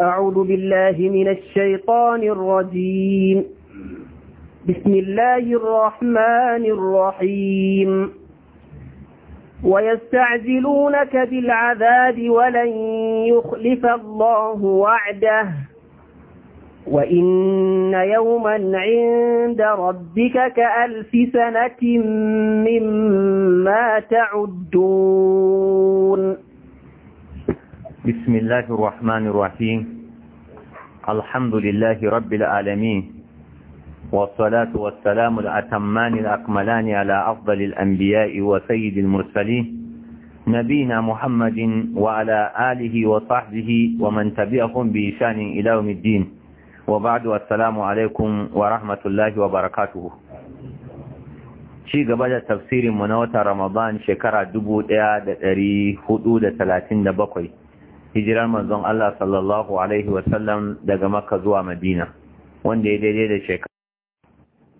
أعوذ بالله من الشيطان الرجيم بسم الله الرحمن الرحيم ويستعجلونك بالعذاب ولن يخلف الله وعده وإن يوما عند ربك كألف سنة مما تعدون بسم الله الرحمن الرحيم الحمد لله رب العالمين والصلاة والسلام الأتمان الأكملان على أفضل الأنبياء وسيد المرسلين نبينا محمد وعلى آله وصحبه ومن تبعهم بإشان إلى يوم الدين وبعد السلام عليكم ورحمة الله وبركاته ci gaba da tafsirin mu na wata Ramadan shekara bakwai. hijirar manzon Allah sallallahu Alaihi wasallam daga Makka zuwa Madina, wanda ya daidai da shekara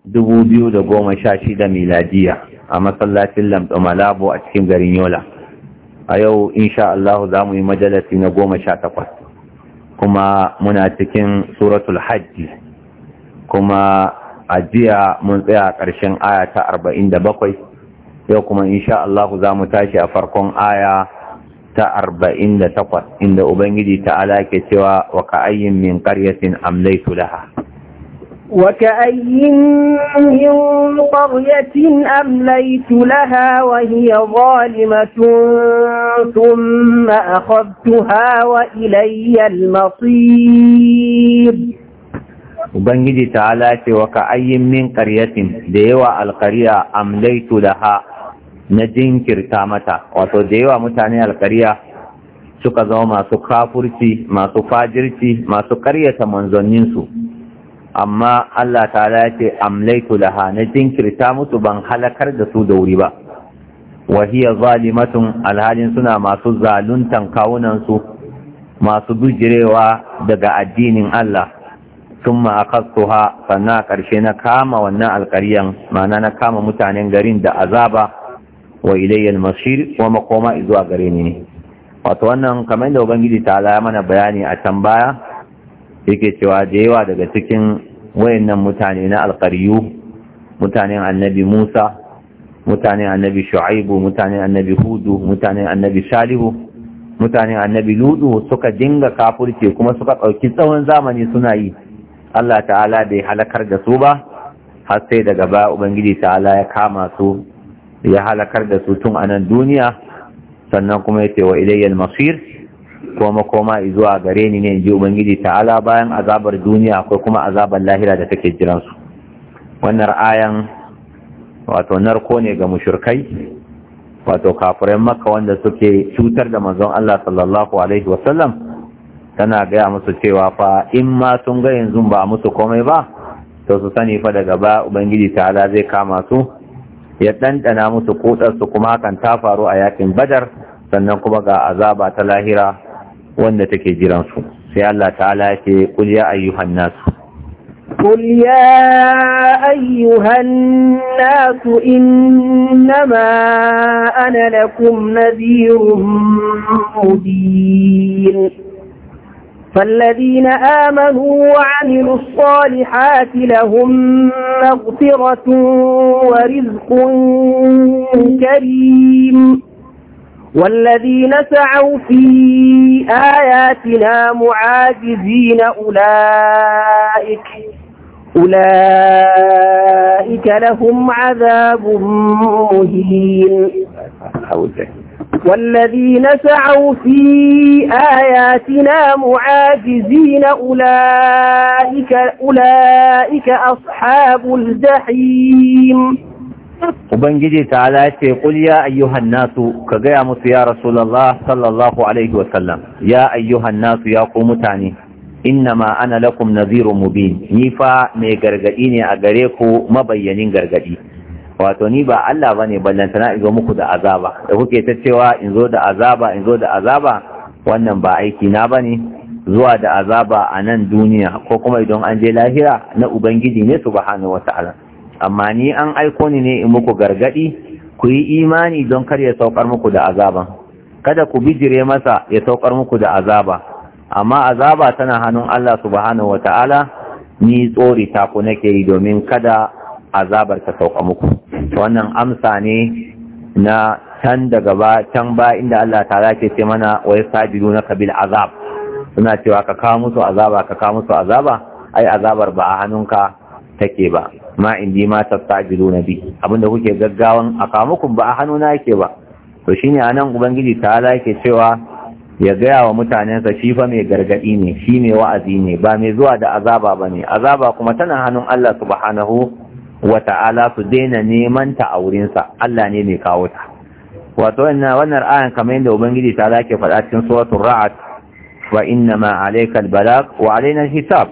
2016 miladiya a masallacin Lamɗo a cikin garin Yola. A yau, insha Allah za mu yi majalasi na 18, kuma muna cikin Suratul Hajji, kuma a jiya mun tsaya a ƙarshen aya ta 47, yau kuma insha Allah za mu tashi a farkon aya ta arba'in da takwas inda Ubangiji ta ke cewa wa ka'ayyin min ƙaryatin amlaitu laha. Wa ka'ayyin ƙaryatin amlaitu laha wa hiya zalimatun thumma akhadtuha wa ilayya masir Ubangiji ta ce wa ka'ayyin min ƙaryatin da yawa alƙariya amlaitu laha na jinkirta mata wato da yawa mutane alkariya suka zama masu kafurci masu fajirci masu karyata manzanninsu amma Allah ta ce amlaitu laha na jinkirta musu ban halakar da su da wuri ba wahiya zalimatun alhalin suna masu zaluntan kawunansu masu bijirewa daga addinin Allah sun ha sannan a ƙarshe na kama wannan alƙaryan ma'ana na kama mutanen garin da azaba wa ilayyal masir wa maqama zuwa gare ni ne wato wannan kamar da ubangiji ta ala mana bayani a can baya yake cewa da yawa daga cikin wayannan mutane na alqariyu mutanen annabi Musa mutanen annabi Shu'aibu mutanen annabi Hudu mutanen annabi Salihu mutanen annabi Ludu suka dinga kafurce kuma suka ɗauki tsawon zamani suna yi Allah ta'ala bai halakar da su ba har sai daga ba Ubangiji ta'ala ya kama su ya halakar da su tun a duniya sannan kuma ya ce wa ilayyal masir kuma koma zuwa gare ni ne ji ubangiji ta'ala bayan azabar duniya akwai kuma azabar lahira da take jiran su wannan ayan wato narko ne ga mushurkai wato kafiran makka wanda suke cutar da manzon Allah sallallahu alaihi wasallam tana gaya musu cewa fa in ma sun ga yanzu ba musu komai ba to su sani fa daga ba ubangiji ta'ala zai kama su ya dandana musu kotsar su kuma kan ta faru a yakin badar sannan kuma ga azaba ta lahira wanda take jiran su sai Allah ta'ala yake ce kul ya ayyuhan nasu قل يا أيها الناس إنما ana lakum nadhirun مبين فالذين آمنوا وعملوا الصالحات لهم مغفرة ورزق كريم والذين سعوا في آياتنا معاجزين أولئك أولئك لهم عذاب مهين والذين سعوا في آياتنا معاجزين أولئك, أولئك أصحاب الجحيم Ubangiji ta'ala ce, ya ayyuhan nasu, ka gaya musu ya Rasulallah sallallahu Alaihi wasallam, ya ayyuhan nasu ya ku mutane, inna ma ana lakum nazirun mubin, ni fa mai gargaɗi ne a gare ku mabayyanin gargaɗi. wato ni ba Allah bane ballantana in zo muku da azaba da kuke ta cewa in zo da azaba in zo da azaba wannan ba aiki na bane zuwa da azaba a nan duniya ko kuma idan an je lahira na ubangiji ne subhanahu wata'ala amma ni an aiko ni ne in muku gargadi ku yi imani don kar ya saukar muku da azaba kada ku bijire masa ya saukar muku da azaba amma azaba tana hannun Allah subhanahu wata'ala ni tsori ta ku nake yi domin kada azabar ta sauka muku wannan amsa ne na can daga ba can ba inda Allah ta'ala ke ce mana wai wa na kabil azab suna cewa ka kawo musu azaba ka kawo musu azaba ai azabar ba a hannunka take ba ma indi ma na bi abinda kuke gaggawan a kawo muku ba a hannuna yake ba to shine anan ubangiji ta'ala yake cewa ya gaya wa mutanensa shi fa mai gargadi ne shi mai wa'azi ne ba mai zuwa da azaba ba ne. azaba kuma tana hannun Allah subhanahu Wata'ala su daina neman ta a wurinsa Allah ne mai kawo ta wato wannan ayan kamar yadda ubangiji ta lake faɗa cikin suratul ra'd wa inna ma alaykal balagh wa alaina hisab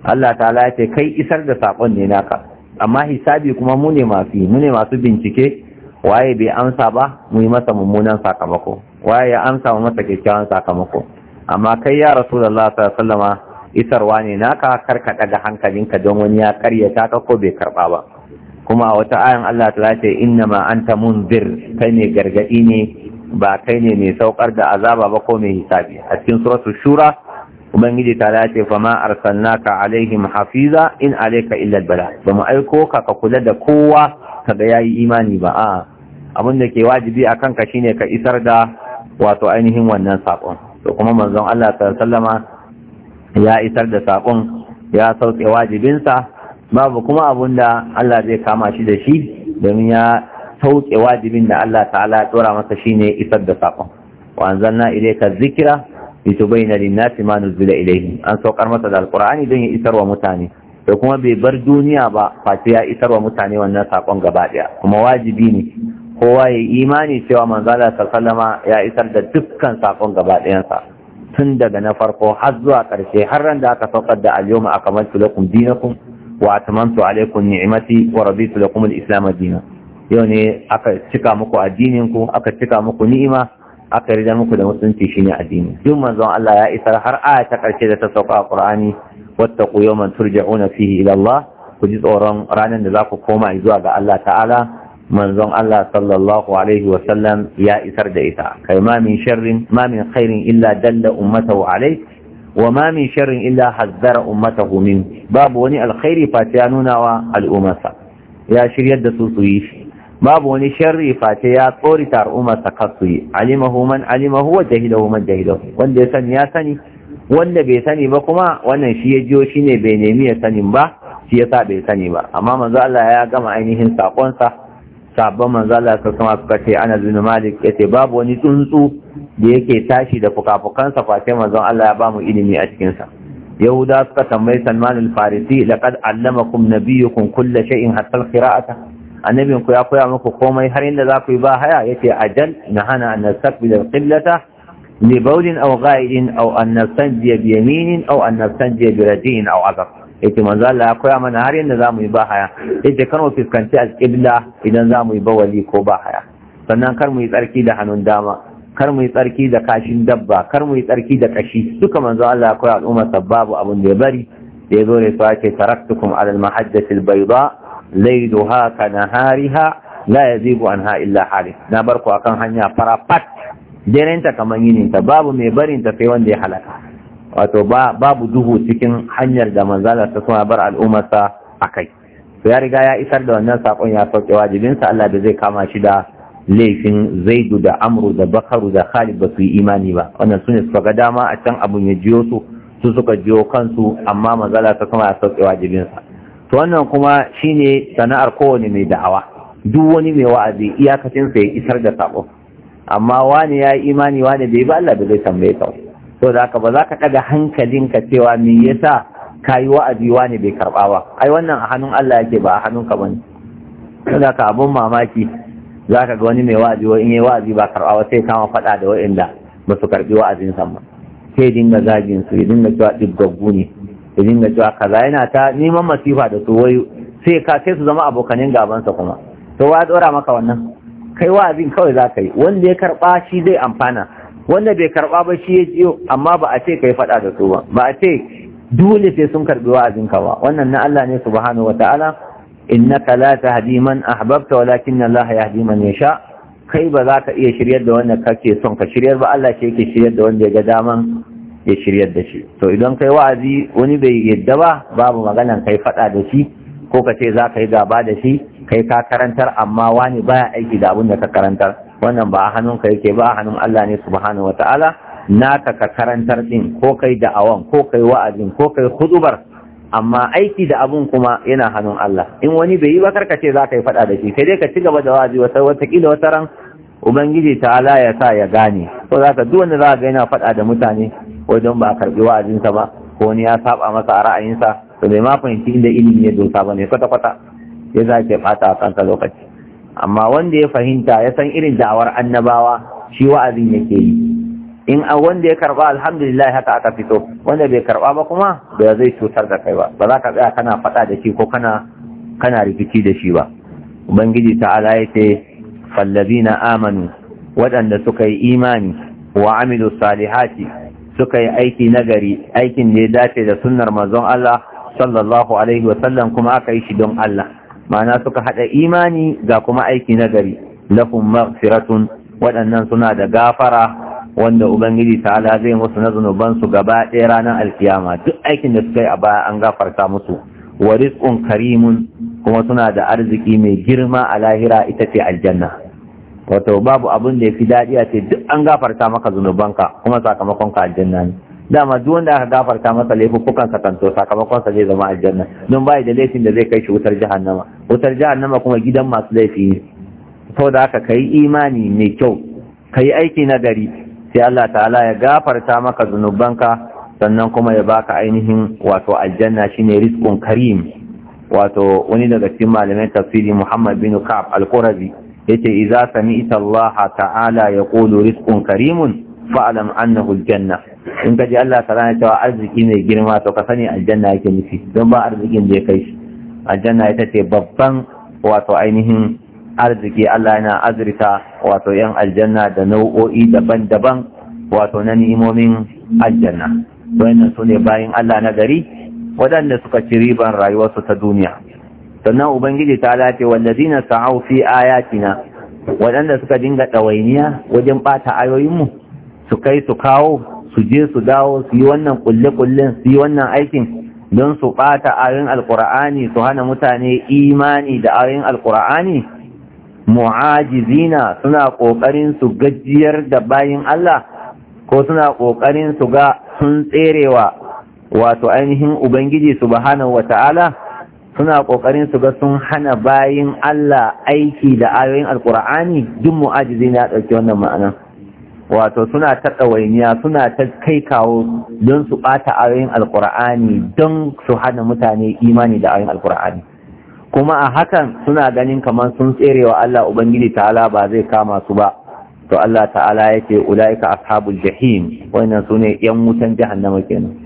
Allah ta ya ce kai isar da sakon ne naka amma hisabi kuma mu ne masu mu ne masu bincike waye bai amsa ba mu yi masa mummunan sakamako waye ya amsa mu masa kyakkyawan sakamako amma kai ya rasulullah sallallahu alaihi wasallama isarwa ne naka kar ka daga hankalinka don wani ya karyata ka ko bai karba ba kuma a wata ayan Allah ta ce inna ma anta munzir kai ne gargadi ne ba kai ne mai saukar da azaba ba ko mai hisabi a cikin suratul shura ubangiji ta ce fa ma arsalnaka alaihim hafiza in alayka illa albala ba mu aiko ka ka kula da kowa kaga yayi imani ba a abin da ke wajibi akan ka shine ka isar da wato ainihin wannan sakon to kuma manzon Allah sallallahu alaihi wasallama ya isar da saƙon ya sauke wajibinsa babu kuma abun da Allah zai kama shi da shi domin ya sauke wajibin da Allah ta'ala ya tsora masa shi shine isar da saƙon wa anzalna ilayka dhikra litubayyana lin-nasi ma nuzila ilayhim an saukar masa da alqur'ani don ya isar wa mutane da kuma bai bar duniya ba face ya isar wa mutane wannan saƙon gaba ɗaya kuma wajibi ne kowa ya imani cewa manzala sallama ya isar da dukkan saƙon gaba ɗayansa tun daga na farko har zuwa ƙarshe har ran da aka saukar da al-yawma akmaltu lakum dinakum wa atmamtu alaykum ni'mati wa rabi lakum al-islam yau ne aka cika muku addinin ku aka cika muku ni'ima aka rida muku da mutunci shine addini duk manzon Allah ya isar har aya ta ƙarshe da ta sauka a Qur'ani wattaqu yawman turja'una fihi ila Allah ku ji tsoron ranar da za ku koma zuwa ga Allah ta'ala manzon Allah sallallahu alaihi wasallam ya isar da ita kai ma min sharrin ma min khairin illa dalla ummatahu alai wa ma sharrin illa hazzara ummatahu min babu wani alkhairi face ya nuna wa al'ummarsa ya shiryar da su su yi babu wani sharri face ya tsorita al'ummarsa kar su yi alimahu man alimahu wa man jahilahu wanda ya sani ya sani wanda bai sani ba kuma wannan shi ya jiyo shine bai nemi ya sani ba shi yasa bai sani ba amma manzo Allah ya gama ainihin sakonsa sabon manzala ta sama suka ce ana bin malik ya ce babu wani tsuntsu da yake tashi da fukafukansa face manzon Allah ya ba mu ilimi a cikinsa yahuda suka tambayi salman al-farisi laqad allamakum nabiyyukum kulla shay'in hatta al-qira'ata annabin ku ya koya muku komai har inda za ku yi ba haya yace ajal nahana an nastaqbil al-qiblata li bawlin aw gha'idin aw an nastanjiya bi yaminin aw an nastanjiya bi radin aw azab yace manzo Allah ya koya mana har yanda zamu yi bahaya yace kar mu fuskanci alqibla idan zamu yi bawali ko bahaya sannan kar mu yi tsarki da hannun dama kar mu yi tsarki da kashin dabba kar mu yi tsarki da kashi duka manzo Allah ya koya al'ummar sababu abun da ya bari da yazo ne fa yace taraktukum ala al-mahajjati al-bayda laylaha ka nahariha la yazibu anha illa halik na barku akan hanya farapat derenta kaman yininta babu mai barinta sai wanda ya halaka wato babu duhu cikin hanyar da manzala ta suna bar al'ummarsa a kai to ya riga ya isar da wannan sakon ya sauke wajibinsa Allah da zai kama shi da laifin zaidu da amru da bakaru da khalid ba su yi imani ba wannan su ne suka ga dama a can abun ya jiyo su su suka jiyo kansu amma manzala ta suna ya sauke wajibinsa to wannan kuma shine sana'ar kowane mai da'awa duk wani mai wa'azi iyakacinsa ya isar da sakon amma wani ya yi imani wani bai ba Allah da zai tambaye kawai to da ka ba za ka ɗaga hankalinka cewa me yasa ka yi wa'azi ne bai karɓa ba ai wannan a hannun Allah yake ba a hannun ka bane to da ka abun mamaki za ka ga wani mai wa'azi in yi wa'azi ba karɓa ba sai kama faɗa da wa'inda ba su karɓi wa'azin sa ba sai dinga zagin su ya dinga cewa ɗiggaggu ne ya dinga cewa kaza yana ta neman masifa da su wai sai ka sai su zama abokanin gabansa kuma to wa ya ɗora maka wannan kai wa'azin kawai za ka yi wanda ya karɓa shi zai amfana wanda bai karba ba shi ya jiyo amma ba a ce kai faɗa da su ba ba a ce dole sai sun karbi wa'azin ka ba wannan na Allah ne subhanahu wataala innaka la tahdi man ahbabta walakin Allah yahdi man yasha kai ba za ka iya shiryar da wanda kake son ka shiryar ba Allah shi yake shiryar da wanda ya ga daman ya shiryar da shi to idan kai wa'azi wani bai yadda ba babu maganan kai faɗa da shi ko ka ce za ka yi gaba da shi kai ka karantar amma wani baya aiki da abin da ka karantar wannan ba a hannunka yake ba a hannun Allah ne subhanahu wataala naka ka karantar din ko kai da'awan ko kai wa'azin ko kai hudubar amma aiki da abun kuma yana hannun Allah in wani bai yi ba karka ce za ka yi faɗa da shi sai dai ka ci gaba da wa'azi wata watakila wata ran ubangiji ta'ala ya sa ya gane ko za ka duk wanda za ga yana faɗa da mutane ko don ba a karɓi wa'azinsa ba ko wani ya saba masa a ra'ayinsa to bai ma fahimci inda ilimi ya dosa ba ne kwata-kwata ya za ke ɓata a kanka lokaci amma wanda ya fahimta ya san irin da'awar annabawa shi wa'azin yake yi in a wanda ya karba alhamdulillah haka aka fito wanda bai karba ba kuma ba zai cutar da kai ba ba za ka tsaya kana faɗa da shi ko kana kana rikici da shi ba ubangiji ta'ala ya ce fallazina amanu waɗanda suka yi imani wa amilu salihati suka yi aiki nagari aikin da ya dace da sunnar manzon Allah sallallahu alaihi wa sallam kuma aka yi shi don Allah ma'ana suka haɗa imani ga kuma aiki na gari lahum maghfiratun waɗannan suna da gafara wanda ubangiji ta'ala zai musu na zunuban su gaba ɗaya ranar alkiyama duk aikin da suka yi a baya an gafarta musu wa rizqun karimun kuma suna da arziki mai girma a lahira ita ce aljanna wato babu abin da ya fi daɗi a ce duk an gafarta maka zunubanka kuma sakamakonka ka aljanna ne dama duk wanda aka gafarta masa laifukan sa kanto sakamakon sa zai zama aljanna don bai da laifin da zai kai shi wutar jahannama wutar jahannama kuma gidan masu laifi ne saboda haka kai imani mai kyau kai aiki na gari sai Allah ta'ala ya gafarta maka zunubanka sannan kuma ya baka ainihin wato aljanna shine rizqun karim wato wani daga cikin malamai tafsiri Muhammad bin Ka'ab al-Qurazi yace idza sami'ta Allah ta'ala yaqulu rizqun karimun fa'lam annahu aljanna in ka ji Allah sarana cewa arziki mai girma to ka sani aljanna yake nufi don ba arzikin da ya kai shi aljanna ita ce babban wato ainihin arziki Allah yana azurta wato yan aljanna da nau'o'i daban-daban wato na ni'imomin aljanna wannan su ne bayan Allah na gari waɗanda suka ci riban rayuwarsu ta duniya sannan ubangiji ta lace wallazina sa'au fi ayatina waɗanda suka dinga ɗawainiya wajen ɓata ayoyinmu su kai su kawo su je su dawo su yi wannan kulle-kullen su yi wannan aikin don su ɓata ayoyin alkur'ani su hana mutane imani da ayoyin alkur'ani mu'ajizina suna ƙoƙarin su gajiyar da bayin Allah ko suna ƙoƙarin su ga sun tserewa wato ainihin ubangiji subhanahu wata'ala suna ƙoƙarin su ga sun hana bayin Allah aiki da ayoyin alkur'ani duk mu'ajizina ya ɗauki wannan ma'ana wato suna ta ɗawainiya suna ta kai kawo don su ɓata ayoyin alkur'ani don su hana mutane imani da ayoyin alkur'ani kuma a hakan suna ganin kamar sun tserewa Allah Ubangiji ta'ala ba zai kama su ba to Allah ta'ala ya ce ula'ika ashabul jahim wannan su ne yan wutan jahannama kenan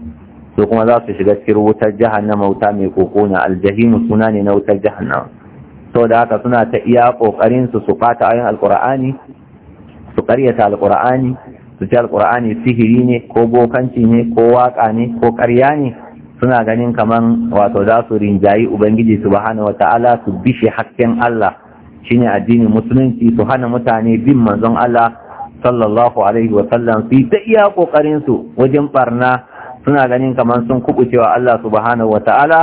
To kuma za su shiga cikin wutar jahannama wuta mai koko na aljahimu suna ne na wutar jahannama sau da haka suna ta iya ƙoƙarin su su ɓata ayoyin alkur'ani su karyata alkur'ani su ce alqur'ani sihiri ne ko bokanci ne ko waka ne ko karya ne suna ganin kaman wato za su rinjayi ubangiji subhanahu wata'ala su bishe hakkin Allah shine addini musulunci su hana mutane bin manzon Allah sallallahu alaihi wa sallam su ta iya kokarin wajen barna suna ganin kamar sun kubucewa Allah subhanahu wata'ala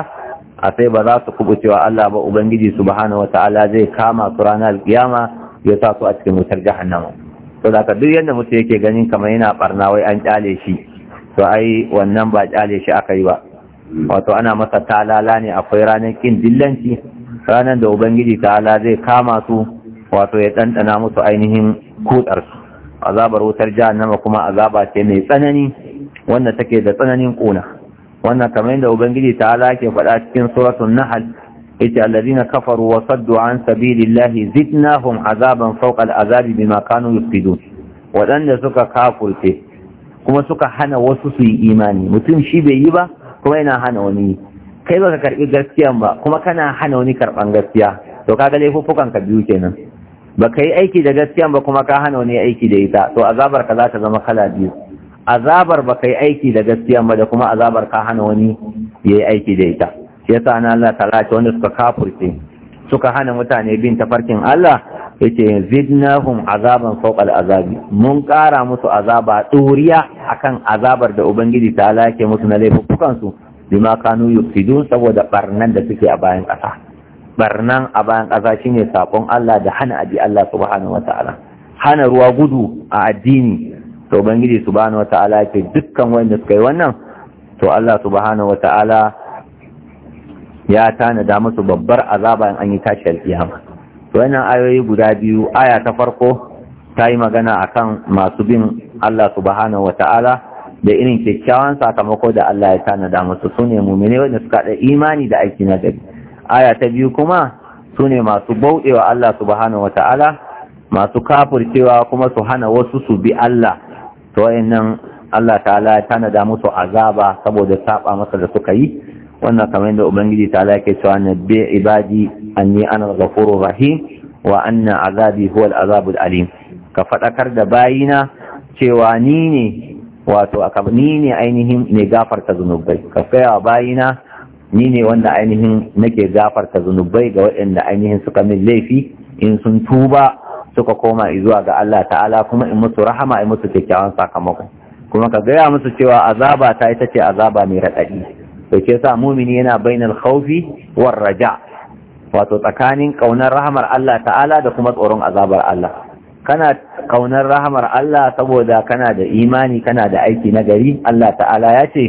a sai ba za su kubucewa Allah ba Ubangiji subhanahu wata'ala zai kama su ranar kiyama ya sa su a cikin wutar jahannama to da duk yadda mutu yake ganin kamar yana barna wai an kyale shi to ai wannan ba kyale shi aka yi ba wato ana masa talala ne akwai ranar kin dillanci ranar da ubangiji ta'ala zai kama su wato ya dandana musu ainihin kudarsu azabar wutar jahannama kuma azaba ce mai tsanani wanda take da tsananin kuna wannan kamar yadda ubangiji ta'ala ke faɗa cikin suratul nahl yace alladhina kafaru wa saddu an sabilillahi zidnahum azaban fawqa al'azabi bima kanu yufsidun wadanda suka kafurce kuma suka hana wasu su yi imani mutum shi bai yi ba kuma yana hana wani kai baka karbi gaskiya ba kuma kana hana wani karban gaskiya to kaga laifukan ka biyu kenan baka yi aiki da gaskiya ba kuma ka hana wani aiki da ita to azabar ka za ta zama kala biyu azabar baka yi aiki da gaskiya ba da kuma azabar ka hana wani yayi aiki da ita ya sa na Allah ta ce wanda suka kafurce suka hana mutane bin tafarkin Allah ya ce zidnahum azaban fawqal azabi mun ƙara musu azaba tsuriya akan azabar da ubangiji ta yake musu na laifukan su bima kanu yufsidun saboda barnan da suke a bayan ƙasa barnan a bayan ƙasa shine sakon Allah da hana abi Allah subhanahu wataala hana ruwa gudu a addini to ubangiji subhanahu wataala ce dukkan wanda suka yi wannan to Allah subhanahu wataala ya tanada musu babbar azaba in an yi tashi alkiyama to wannan ayoyi guda biyu aya ta farko ta yi magana akan masu bin Allah subhanahu ta'ala da irin kyakkyawan sakamako da Allah ya tanada musu su ne wanda suka da imani da aiki na gari aya ta biyu kuma su masu bauɗewa Allah subhanahu ta'ala masu kafurcewa kuma su hana wasu su bi Allah to wayannan Allah ta'ala ya tanada musu azaba saboda saba masa da suka yi wannan kamar da ubangiji ta ala yake cewa bi ibadi anni ana ghafurur rahim wa anna azabi huwa al alim ka faɗakar da bayina cewa ni ne wato ni ne ainihin ne gafarta zunubai ka kaiwa bayina ni ne wanda ainihin nake gafarta zunubai ga waɗanda ainihin suka min laifi in sun tuba suka koma zuwa ga Allah ta'ala kuma in musu rahama in musu kyakkyawan sakamako kuma ka gaya musu cewa azaba ta ita ce azaba mai raɗaɗi to ke sa mumini yana bainal khawfi war raja wato tsakanin kaunar rahamar Allah ta'ala da kuma tsoron azabar Allah kana kaunar rahamar Allah saboda kana da imani kana da aiki na gari Allah ta'ala ya ce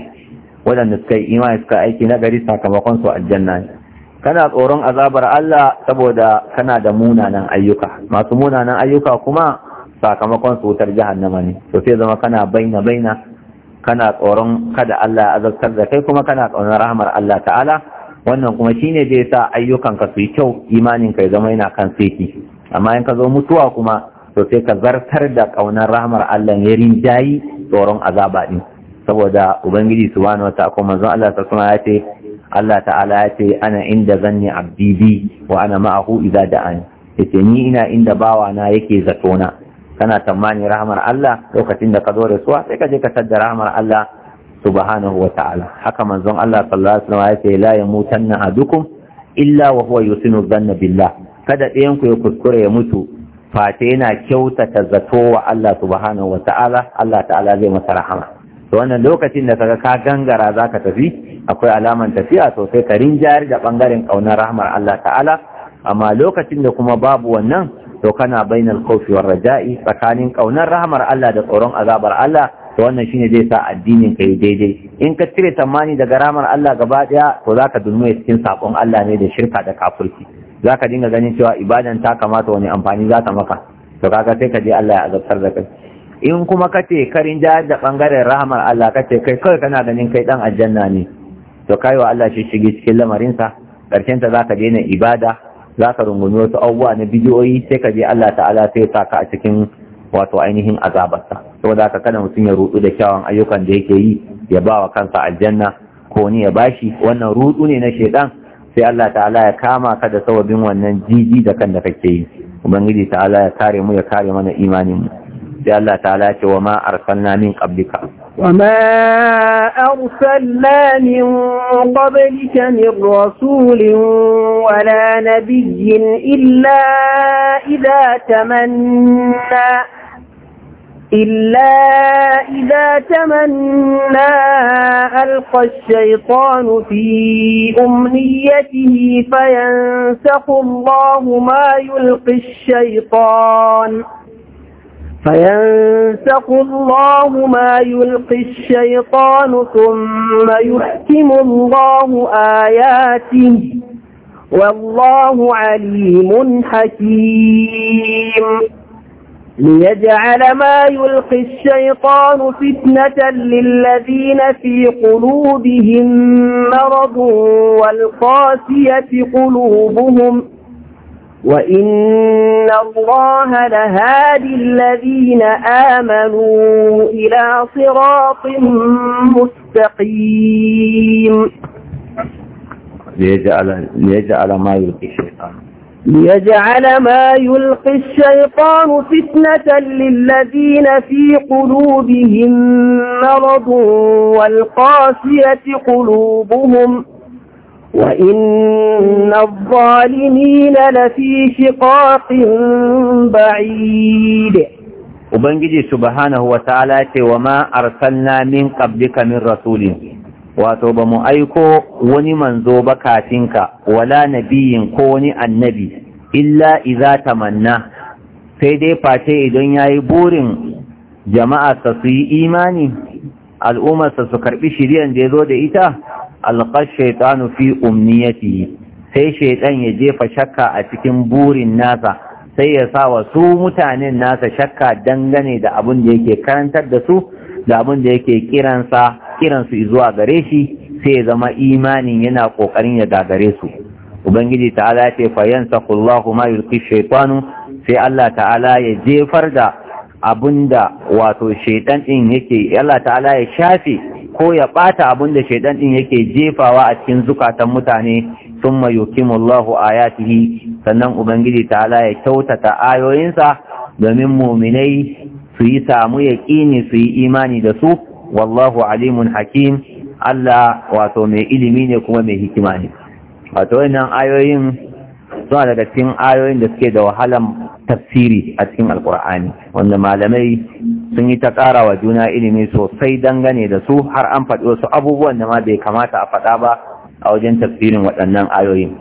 waɗanda suka yi imani suka aiki na gari sakamakon su aljanna ne kana tsoron azabar Allah saboda kana da munanan ayyuka masu munanan ayyuka kuma sakamakon su wutar jahannama ne to sai zama kana baina baina kana tsoron kada Allah ya azabtar da kai kuma kana tsoron rahmar Allah ta'ala wannan kuma shine zai sa ayyukanka su yi kyau imanin ka ya zama yana kan seki amma in ka zo mutuwa kuma to sai ka zartar da kaunar rahmar Allah ya rinjayi tsoron azaba din saboda ubangiji subhanahu ta'ala kuma zan Allah ta kuma ya ce Allah ta'ala ya ce ana inda zanni abdi bi wa ana ma'ahu idza da'ani yace ni ina inda bawana yake na. kana tsammani rahmar Allah lokacin da ka zo rasuwa sai ka je ka tadda rahmar Allah subhanahu wa ta'ala haka manzon Allah sallallahu alaihi wasallam ya ce la yamutanna adukum illa wa huwa yusinu dhanna billah kada ɗayan ku ya kuskure ya mutu fata yana kyautata zato wa Allah subhanahu wa ta'ala Allah ta'ala zai masa rahama to wannan lokacin da kaga ka gangara zaka tafi akwai alaman tafiya to sai ka rinjayar da bangaren kaunar rahmar Allah ta'ala amma lokacin da kuma babu wannan to kana bainal khawfi war raja'i tsakanin kaunar rahmar Allah da tsoron azabar Allah to wannan shine zai sa addinin ka yi daidai in ka cire tamani daga rahmar Allah gaba daya to zaka dulmuye cikin sakon Allah ne da shirka da kafirci zaka dinga ganin cewa ibadan ta kamata wani amfani za ta maka to kaga sai ka je Allah ya azabtar da kai in kuma kace karin jihar da bangaren rahmar Allah ka ce kai kai kana ganin kai dan aljanna ne to kai wa Allah shi shige cikin lamarin sa karshen ta zaka daina ibada za ka rungumi wasu abubuwa na bidiyoyi sai ka je Allah ta'ala sai ya saka a cikin wato ainihin azabarsa saboda haka kada mutum ya rudu da kyawun ayyukan da yake yi ya ba wa kansa aljanna ko ni ya bashi wannan rudu ne na shedan sai Allah ta'ala ya kama ka da sababin wannan jiji da kan da kake yi ubangiji ta'ala ya kare mu ya kare mana imanin mu da Allah ta'ala ce wa ma arsalna min qablika wa ma arsalna min qablika min rasulin la nabiyyin illa idha tamanna إلا إذا تمنى ألقى الشيطان في أمنيته فينسخ الله ما يلقي الشيطان فينسق الله ما يلقي الشيطان ثم يحكم الله آياته والله عليم حكيم ليجعل ما يلقي الشيطان فتنة للذين في قلوبهم مرض والقاسية قلوبهم وَإِنَّ اللَّهَ لَهَادِي الَّذِينَ آمَنُوا إِلَى صِرَاطٍ مُسْتَقِيمٍ ليجعل, ليجعل ما يلقي الشيطان ليجعل ما يلقي الشيطان فتنة للذين في قلوبهم مرض والقاسية قلوبهم وإن الظالمين لفي شقاق بعيد وبنجي سبحانه وتعالى وما أرسلنا من قبلك min رسول wato ba mu aiko wani manzo ba kafinka wala nabiyin ko wani annabi illa iza tamanna sai dai face idan yayi burin jama'arsa su yi imani al'ummarsa su karɓi shiriyan da ya zo da ita alƙar shaitanu fi umniyati sai shaitan ya jefa shakka a cikin burin nasa sai ya sa wa su mutanen nasa shakka dangane da abin da yake karantar da su da abin da yake kiransa kiransu zuwa gare shi sai ya zama imanin yana ƙoƙarin ya gagare su ubangiji ta'ala ya ce fa yansakullahu ma yulqi shaitanu sai Allah ta'ala ya jefar da da wato shaitan din yake Allah ta'ala ya shafe ko ya ɓata abin da shaidan ɗin yake jefawa a cikin zukatan mutane sun mayukimullahu ayatihi sannan ubangiji ta'ala ya kyautata ayoyinsa domin muminai su yi samu yaƙini su yi imani da su wallahu alimun hakim Allah wato mai ilimi ne kuma mai hikima ne wato wannan ayoyin suna daga cikin ayoyin da suke da wahalan tafsiri a cikin alkur'ani wanda malamai sun yi ta ƙara wa juna ilimi sosai dangane da su har an faɗi wasu abubuwan da ma bai kamata a faɗa ba a wajen tafsirin waɗannan ayoyin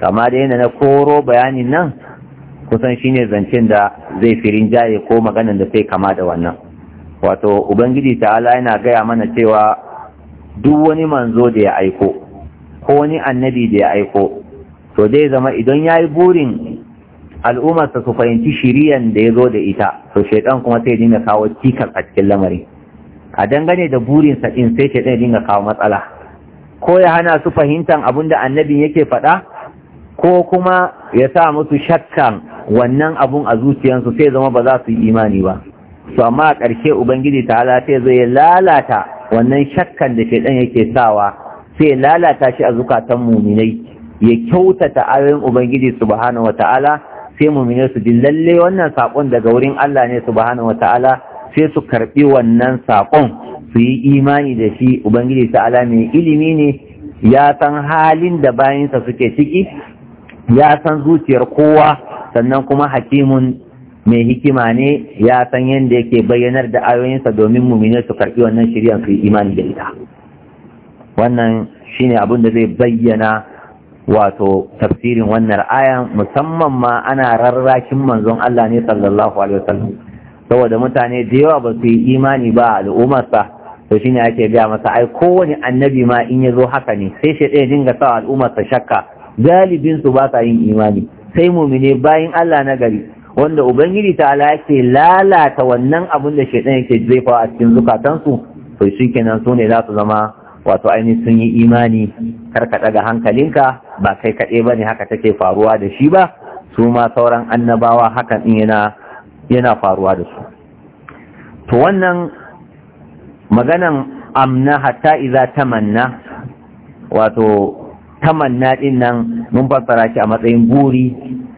kama da yana na koro bayanin nan kusan shine zancen da zai firin jaye ko maganan da sai kama da wannan wato ubangiji ta'ala yana gaya mana cewa duk wani manzo da ya aiko ko wani annabi da ya aiko to dai zama idan ya yi burin ta su fahimci shiriyan da ya zo da ita to shaidan kuma sai dinga kawo cikas a cikin lamari a dangane da burin sa din sai shaidan dinga kawo matsala ko ya hana su fahimtar abin da annabin yake faɗa ko kuma ya sa musu shakkan wannan abun a zuciyarsu sai zama ba za su yi imani ba Su amma a ƙarshe ubangiji ta sai zai lalata wannan shakkan da shaidan yake sawa sai lalata shi a zukatan muminai ya kyautata ayoyin ubangiji subhanahu wataala sai mu'mine su ji lalle wannan sakon daga wurin Allah ne subhanahu wataala sai su karbi wannan sakon su yi imani da shi ubangiji ta'ala mai ilimi ne ya san halin da bayansa suke ciki ya san zuciyar kowa sannan kuma hakimun mai hikima ne ya san yadda yake bayyanar da ayoyinsa domin mumine su karɓi wannan shirya su yi imani da ita wannan shine abin da zai bayyana wato tafsirin wannan aya musamman ma ana rarrakin manzon Allah ne sallallahu alaihi wasallam saboda mutane da yawa ba su yi imani ba al'ummarsa to shine ake gaya masa ai kowane annabi ma in ya zo haka ne sai shi ɗaya dinga sa al'ummarsa shakka galibin su ba sa yin imani sai mumine bayin Allah na gari wanda ubangiji ta ala yake lalata wannan abin da shaidan yake fa a cikin zukatansu to kenan su ne za su zama wato ainihin sun yi imani kar ka ɗaga hankalinka ba kai kaɗe ba ne haka take faruwa da shi ba su ma sauran annabawa hakan in yana faruwa da su to wannan maganan amna hatta iza tamanna wato tamanna din nan mun fassara shi a matsayin guri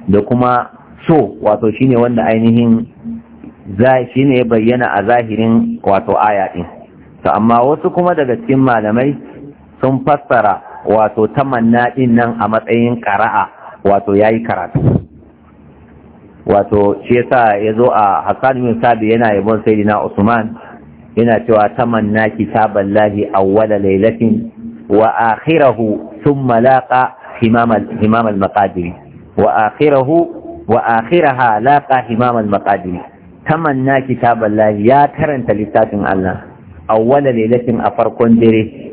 da kuma so wato shine wanda ainihin shine ya bayyana a zahirin wato aya din to amma wasu kuma daga cikin malamai sun fassara wato tamanna ɗin nan a matsayin ƙara'a wato ya yi karatu wato shi yasa zo a Hassan bin Sabi yana yabon Sayyidina Usman yana cewa tamanna kitaballahi awwala lailatin wa akhirahu thumma laqa himam himamal maqadir wa akhirahu wa akhiraha laqa himam al tamanna kitaballahi ya karanta littafin Allah awwala lailatin a farkon dare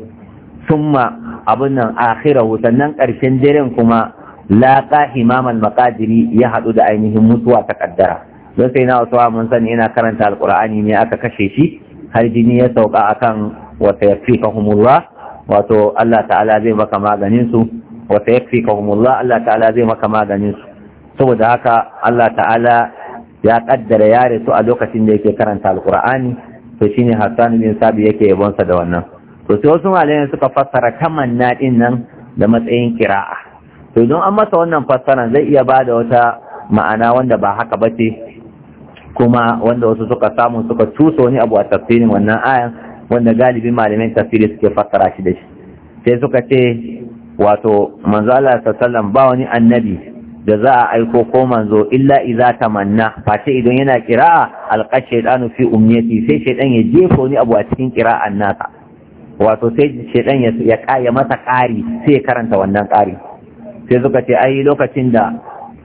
summa abin nan akhirahu sannan ƙarshen daren kuma laqa imamal maqadiri ya hadu da ainihin mutuwa ta kaddara don sai na wasu mun sani ina karanta alqur'ani ne aka kashe shi har jini ya sauka akan wa sayakfikahumullah wato Allah ta'ala zai maka maganin su wa sayakfikahumullah Allah ta'ala zai maka maganin su saboda haka Allah ta'ala ya kaddara yare su a lokacin da yake karanta alqur'ani to shi ne Hassan bin Sabi yake yabonsa da wannan to sai wasu malamai suka fassara kaman na din nan da matsayin kira'a to idan an masa wannan fassaran zai iya ba da wata ma'ana wanda ba haka ba ce. kuma wanda wasu suka samu suka tuso wani abu a tafsirin wannan ayan wanda galibin malamin tafsiri suke fassara shi da shi sai suka ce wato manzo Allah sallallahu ba wani annabi da za a aiko ko manzo illa idza tamanna face idan yana qira'a alqa shaytanu fi umniyati sai shaytan ya jefa wani abu a cikin kiraan nasa wato sai shaytan ya ya masa ƙari sai ya karanta wannan ƙari sai suka ce ai lokacin da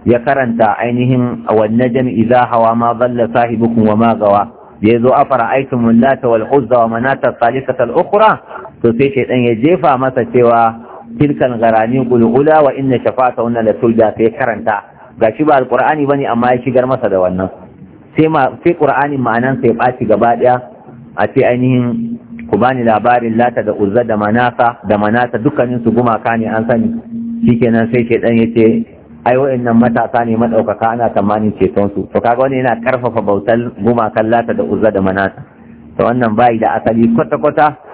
ya karanta ainihin wan najm idza hawa ma dhalla sahibukum wa ma gawa da yazo afara aitum lata wal uzza wa manata thalithata al ukhra to sai shaytan ya jefa masa cewa tilkan garani gulgula wa inna shafata wannan da turja sai karanta Ga shi ba alqur'ani bane amma ya shigar masa da wannan sai ma sai qur'ani ma'anan sai baci gaba daya a ce ainihin ku bani labarin lata da uzza da manasa da manata dukkanin su gumaka ne an sani shikenan sai dan yace ai wayannan matasa ne madaukaka ana tamanin ceton su to kaga wani yana karfafa bautar gumakan lata da uzza da manata to wannan bai da asali kwata kwata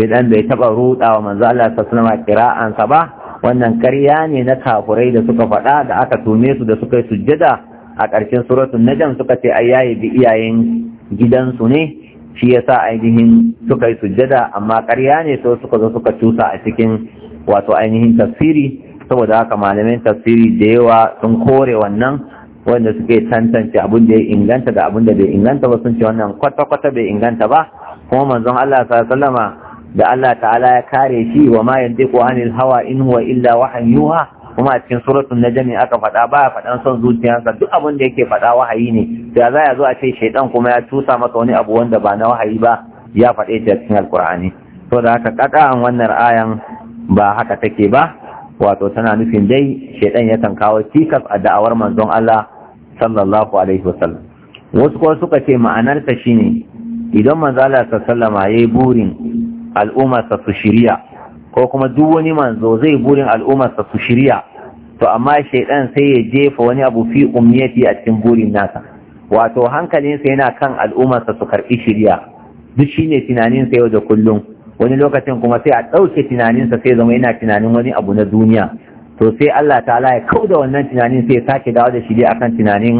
shaidan bai taba ruda wa manzo Allah sallallahu alaihi kira'an sa ba wannan ƙarya ne na kafurai da suka faɗa da aka tume su da suka yi sujjada a ƙarshen suratul najm suka ce ai yayi bi iyayen gidansu ne shi yasa ainihin suka yi sujjada amma ƙarya ne so suka zo suka cusa a cikin wato ainihin tafsiri saboda haka malamin tafsiri da yawa sun kore wannan wanda suke tantance abin da ya inganta da abin da bai inganta ba sun ce wannan kwata-kwata bai inganta ba kuma manzon Allah sallallahu alaihi wasallama da Allah ta'ala ya kare shi wa ma yantiqu anil hawa in huwa illa wahyin yuha kuma a cikin suratul najm aka faɗa ba faɗan son zuciyarsa duk abin da yake faɗa wahayi ne da za ya zo a ce shaidan kuma ya tusa masa wani abu wanda ba na wahayi ba ya faɗe shi a cikin alkur'ani to da haka kaka'an wannan ayan ba haka take ba wato tana nufin dai shaidan yakan kawo cikas a da'awar manzon Allah sallallahu alaihi wasallam wasu ko suka ce ma'anarta shine idan manzala sallallahu alaihi yayi burin al'ummarsa su shirya ko kuma duk wani manzo zai burin al'ummarsa su shirya to amma shaidan sai ya jefa wani abu fi umniyati a cikin burin nasa wato hankalinsa yana kan al'ummarsa su karbi shirya duk shine tunaninsa yau da kullum wani lokacin kuma sai a ɗauke tunaninsa sai zama yana tunanin wani abu na duniya to sai Allah ta'ala ya kau da wannan tunanin sai ya sake dawo da shi akan tunanin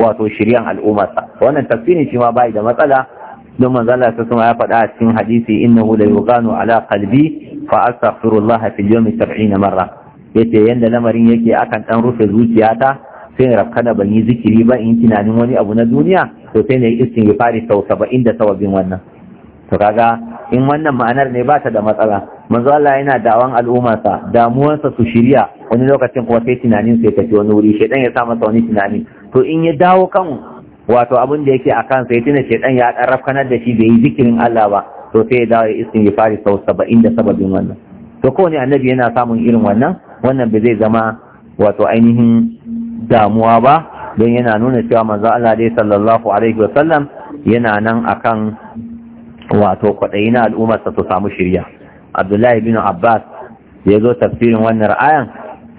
wato shiryan al'ummarsa wannan tafsirin shi ma bai da matsala don manzala ta sama ya faɗa a cikin hadisi "Inna innahu la yuqanu ala kalbi fa astaghfirullah fi yawmi 70 marra yace yanda lamarin yake akan dan rufe zuciyata sai na rafkana ban yi zikiri ba in tunanin wani abu na duniya to sai na yi istighfari sau 70 da sawabin wannan to kaga in wannan ma'anar ne ba ta da matsala manzo Allah yana da'awan al'ummarsa damuwarsa su shirya wani lokacin kuma sai tunanin sai tafi wani wuri shedan ya sa masa wani tunani to in ya dawo kan wato abin da yake a kansa ya tuna dan ya dan rafkanar da shi bai yi zikirin Allah ba to sai ya dawo ya isin ya fari sau saba'in da sababin wannan to kowane annabi yana samun irin wannan wannan ba zai zama wato ainihin damuwa ba don yana nuna cewa manzo Allah dai sallallahu alaihi wa sallam yana nan akan wato kwaɗayi na sa su samu shirya abdullahi bin abbas ya zo tafsirin wannan ra'ayan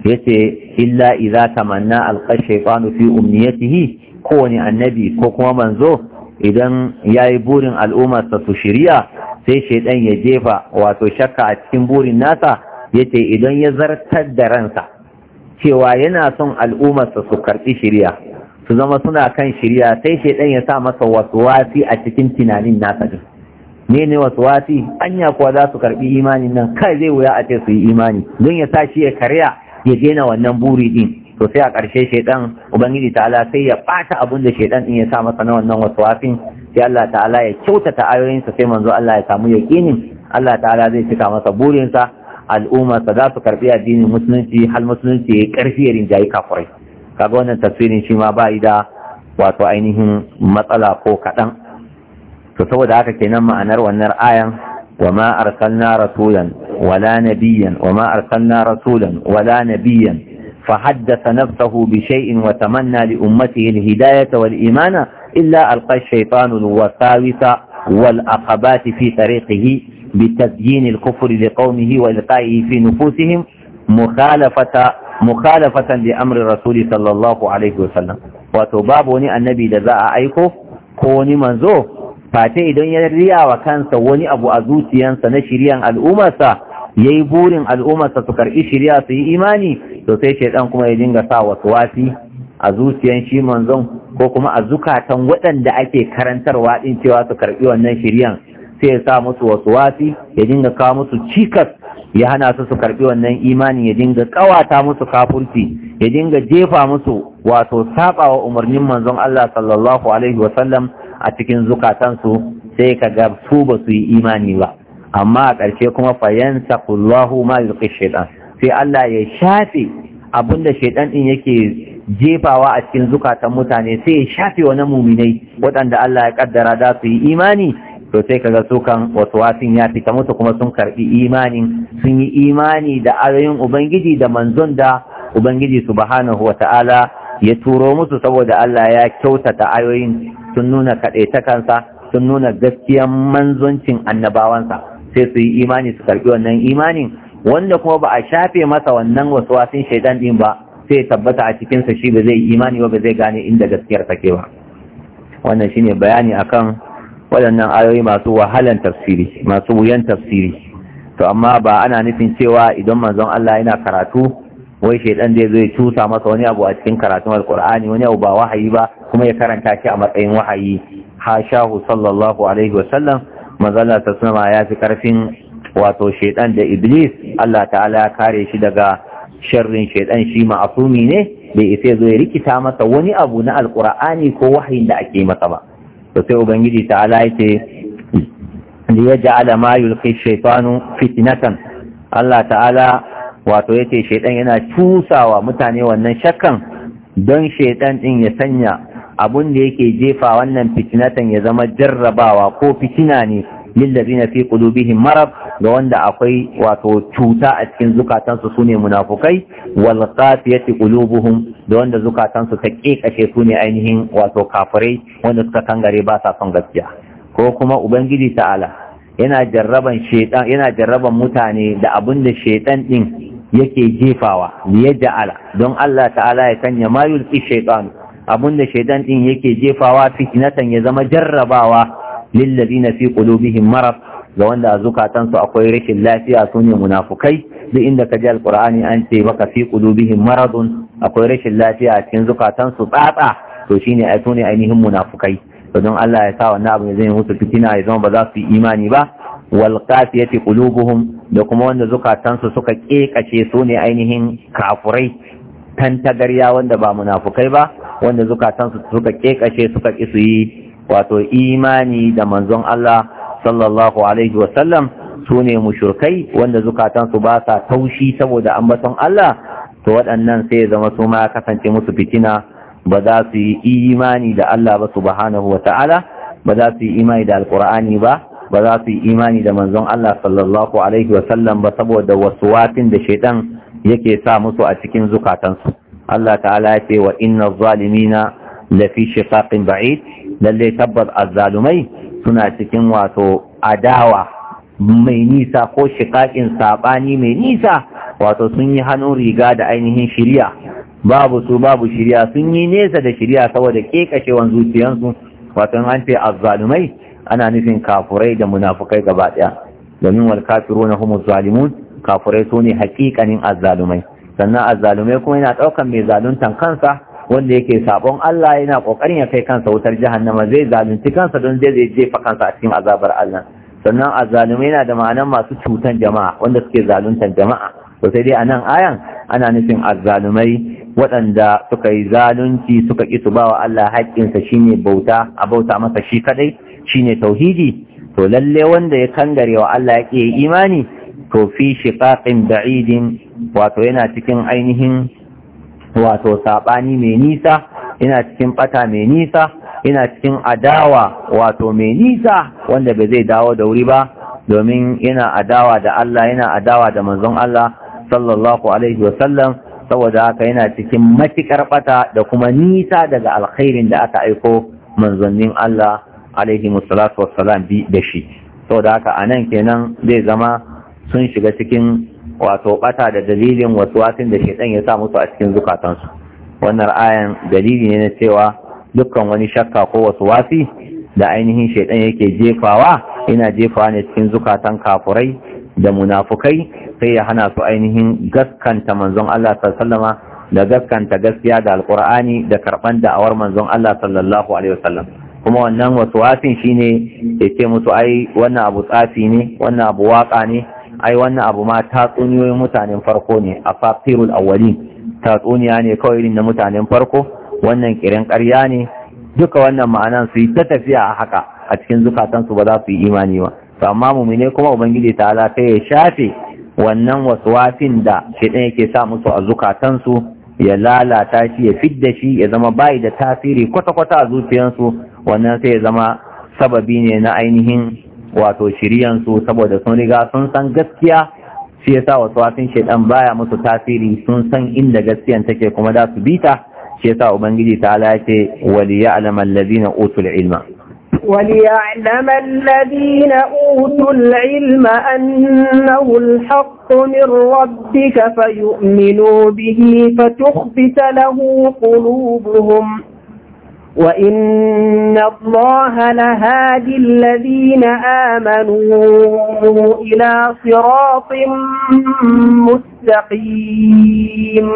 yace illa idza tamanna alqa shaytanu fi umniyatihi kowane annabi ko kuma manzo idan ya yi burin al'ummarsa su shirya sai shaidan ya jefa wato shakka a cikin burin nasa ya ce idan ya zartar da ransa cewa yana son al'ummarsa su karɓi shirya su zama suna kan shirya sai shaidan ya sa masa wasu wasi a cikin tunanin nasa ne ne ne wasuwasi anya kuwa za su karɓi imanin nan kai zai wuya a ce su yi imani don ya sa shi ya karya ya daina wannan buri din to sai a ƙarshe shaidan ubangiji ta'ala sai ya ɓata abin da shaidan in ya sa masa na wannan waswafin sai Allah ta'ala ya kyautata ayoyinsa sai manzo Allah ya samu yakinin. Allah ta'ala zai cika masa burinsa al'ummarsa za su karɓi addinin musulunci hal musulunci ya ƙarfi ya rinjayi kafurai kaga wannan tafsirin shi ma ba da wato ainihin matsala ko kaɗan to saboda haka kenan ma'anar wannan ayan وما أرسلنا رسولا ولا نبيا وما أرسلنا رسولا ولا نبيا فحدث نفسه بشيء وتمنى لأمته الهداية والإيمان إلا ألقى الشيطان الوساوس والعقبات في طريقه بتزيين الكفر لقومه وإلقائه في نفوسهم مخالفة مخالفة لأمر الرسول صلى الله عليه وسلم وتبابني النبي لذا أيكو كوني منزوه فاتي دنيا يريا وكان سواني أبو أزوتيان سنشريان الأمة yayi burin al'ummarsa su karɓi shirya su yi imani to sai ɗan kuma ya dinga sa wasu wasi a zuciyan shi manzon ko kuma a zukatan waɗanda ake karantarwa din cewa su karɓi wannan shiryan sai ya sa musu wasu wasi ya dinga kawo musu cikas ya hana su su karɓi wannan imani ya dinga ƙawata musu kafurci ya dinga jefa musu wato saɓawa umarnin manzon Allah sallallahu alaihi wasallam a cikin zukatansu sai ka ga su ba su yi imani ba amma a ƙarshe kuma fayansa kullahu ma yulqi shaiɗan. sai Allah ya shafe abin da shaiɗan ɗin yake jefawa a cikin zukatan mutane sai ya shafe wa na muminai waɗanda Allah ya ƙaddara za su yi imani to sai kaga su kan wasin ya fita musu kuma sun karɓi imanin sun yi imani da ayoyin ubangiji da manzon da ubangiji subhanahu wata'ala ya turo musu saboda Allah ya kyautata ayoyin sun nuna kaɗaitakansa sun nuna gaskiyan manzoncin annabawansa sai su yi imani su karbi wannan imanin wanda kuma ba a shafe masa wannan wasin shaidan din ba sai tabbata a cikinsa shi ba zai imani ba ba zai gane inda gaskiyar take ba wannan shine bayani akan waɗannan ayoyi masu wahalan tafsiri masu wuyan tafsiri to amma ba ana nufin cewa idan manzon Allah yana karatu wai shaidan zai zo ya cuta masa wani abu a cikin karatun alkur'ani wani abu ba wahayi ba kuma ya karanta shi a matsayin wahayi hashahu sallallahu alaihi wa sallam. manzala ta sama ya fi karfin wato shaidan da iblis Allah ta'ala ya kare shi daga sharrin shaidan shi ma'asumi ne bai isa zo ya rikita masa wani abu na alkur'ani ko wahayin da ake masa ba to sai ubangiji ta'ala ya ce ma yulqi shaytanu fitnatan Allah ta'ala wato yace shaidan yana cusawa mutane wannan shakkan don shaidan din ya sanya abun da yake jefa wannan fitinatan ya zama jarrabawa ko fitina ne lillazina fi qulubihim marad ga wanda akwai wato cuta a cikin zukatansu sune munafukai wal qasiyati qulubuhum da wanda zukatansu ta kekace sune ainihin wato kafirai wanda suka kangare ba sa son gaskiya ko kuma ubangiji ta'ala yana jarraban shaytan yana jarraban mutane da abin da shaytan din yake jefawa ya ja'ala don Allah ta'ala ya sanya mayul yulqi shaytanu abun da shaidan din yake jefawa fitnatan ya zama jarrabawa lillazina fi qulubihim marad ga wanda a zukatansu akwai rashin lafiya su ne munafukai duk inda ka ji alqur'ani an ce baka fi qulubihim maradun akwai rashin lafiya a cikin zukatansu tsatsa to shine ai su ne ainihin munafukai to don Allah ya sa wannan abin zai musu fitina ya zama ba za su yi imani ba wal qasiyati qulubuhum da kuma wanda zukatansu suka kekace su ne ainihin kafurai tantagarya wanda ba munafukai ba wanda zukatansu suka kekashe suka ki su yi wato imani da manzon Allah sallallahu alaihi su ne mushrikai wanda zukatansu ba sa taushi saboda ambaton Allah to waɗannan sai ya zama su ma kasance musu fitina ba za su yi imani da Allah ba subhanahu wa ta'ala ba za su yi imani da alqur'ani ba ba za su yi imani da manzon Allah sallallahu alaihi ba saboda wasu watin da shaiɗan yake sa musu a cikin zukatansu Allah ta'ala ya ce wa inna zalimina lafi shiqaqin ba'id lalle tabbas azzalumai suna cikin wato adawa mai nisa ko shiqaqin sabani mai nisa wato sun yi hannun riga da ainihin shiriya babu su babu shiriya sun yi nesa da shiriya saboda kekashewan zuciyansu wato an ce azzalumai ana nufin kafurai da munafukai gaba daya domin wal kafiruna humu zalimun kafurai su ne hakikanin azzalumai sannan azzalumai kuma yana ɗaukan mai zaluntan kansa wanda yake sabon Allah yana kokarin ya kai kansa wutar jahannama zai zalunci kansa don zai zai jefa kansa a cikin azabar Allah sannan azzalumai yana da ma'anan masu cutan jama'a wanda suke zaluntan jama'a to sai dai a nan ayan ana nufin azzalumai waɗanda suka yi zalunci suka ƙi su bawa Allah haƙƙinsa shine bauta a bauta masa shi kadai shine tauhidi to lalle wanda ya kangare wa Allah ya imani to fi shiqaqin ba'idin wato yana cikin ainihin wato saɓani mai nisa yana cikin ɓata mai nisa yana cikin adawa wato mai nisa wanda ba zai dawo da wuri ba domin yana adawa da Allah yana adawa da manzon Allah sallallahu alaihi wasallam saboda haka yana cikin matikar ɓata da kuma nisa daga alkhairin da aka aiko manzannin Allah alaihi musallatu wassalam bi da shi saboda haka anan kenan zai zama sun shiga cikin wato bata da dalilin wasin da shaitan ya sa musu a cikin zukatansu wannan ayan dalili ne na cewa dukkan wani shakka ko wasu wasi da ainihin shaitan yake jefawa ina jefawa ne cikin zukatan kafurai da munafukai sai ya hana su ainihin gaskanta manzon Allah sallama da gaskanta gaskiya da alkur'ani da karban da'awar manzon Allah sallallahu alaihi wasallam kuma wannan wasu wasin shine ya musu ai wannan abu tsafi ne wannan abu waka ne ai wannan abu ma tatsuniyoyin mutanen farko ne a fafirul awwalin tatsuniya ne kawai irin na mutanen farko wannan kirin karya ne duka wannan ma'anan su yi ta tafiya a haka a cikin zukatansu ba za su yi imani ba to amma ne kuma ubangiji ta ala ta ya shafe wannan wasu wafin da shedan yake sa musu a zukatansu ya lalata shi ya fidda shi ya zama bai da tasiri kwata-kwata a zuciyansu wannan sai ya zama sababi ne na ainihin wato shiriyansu saboda sun riga sun san gaskiya shi yasa wasu wasin shaidan baya musu tasiri sun san inda gaskiyan take kuma da su bita shi yasa ubangiji ta ala ce waliya alaman lazina utul ilma وليعلم الذين أوتوا العلم أنه الحق من ربك فيؤمنوا به فتخبت له قلوبهم وإن الله لهادي الذين آمنوا إلى صراط مستقيم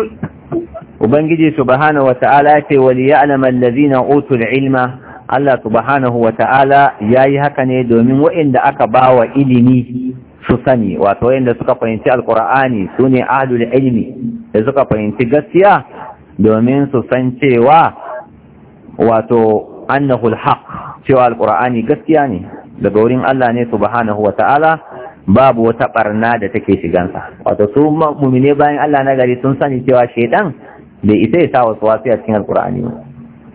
وبنجي سبحانه وتعالى وليعلم الذين أوتوا العلم الله سبحانه وتعالى يا يهكني دومين وإن أكباوا إلمي سسني وطوين لسكا فإنتي القرآن سوني أهل العلم لسكا فإنتي قسيا دومين سسنتي وطوين wato annahul alhaq cewa alqur'ani gaskiya ne daga wurin Allah ne subhanahu ta'ala babu wata barna da take shigansa wato su mu'mine bayan Allah na gari sun sani cewa shedan bai isa ya sa wasu wasu a cikin alqur'ani ba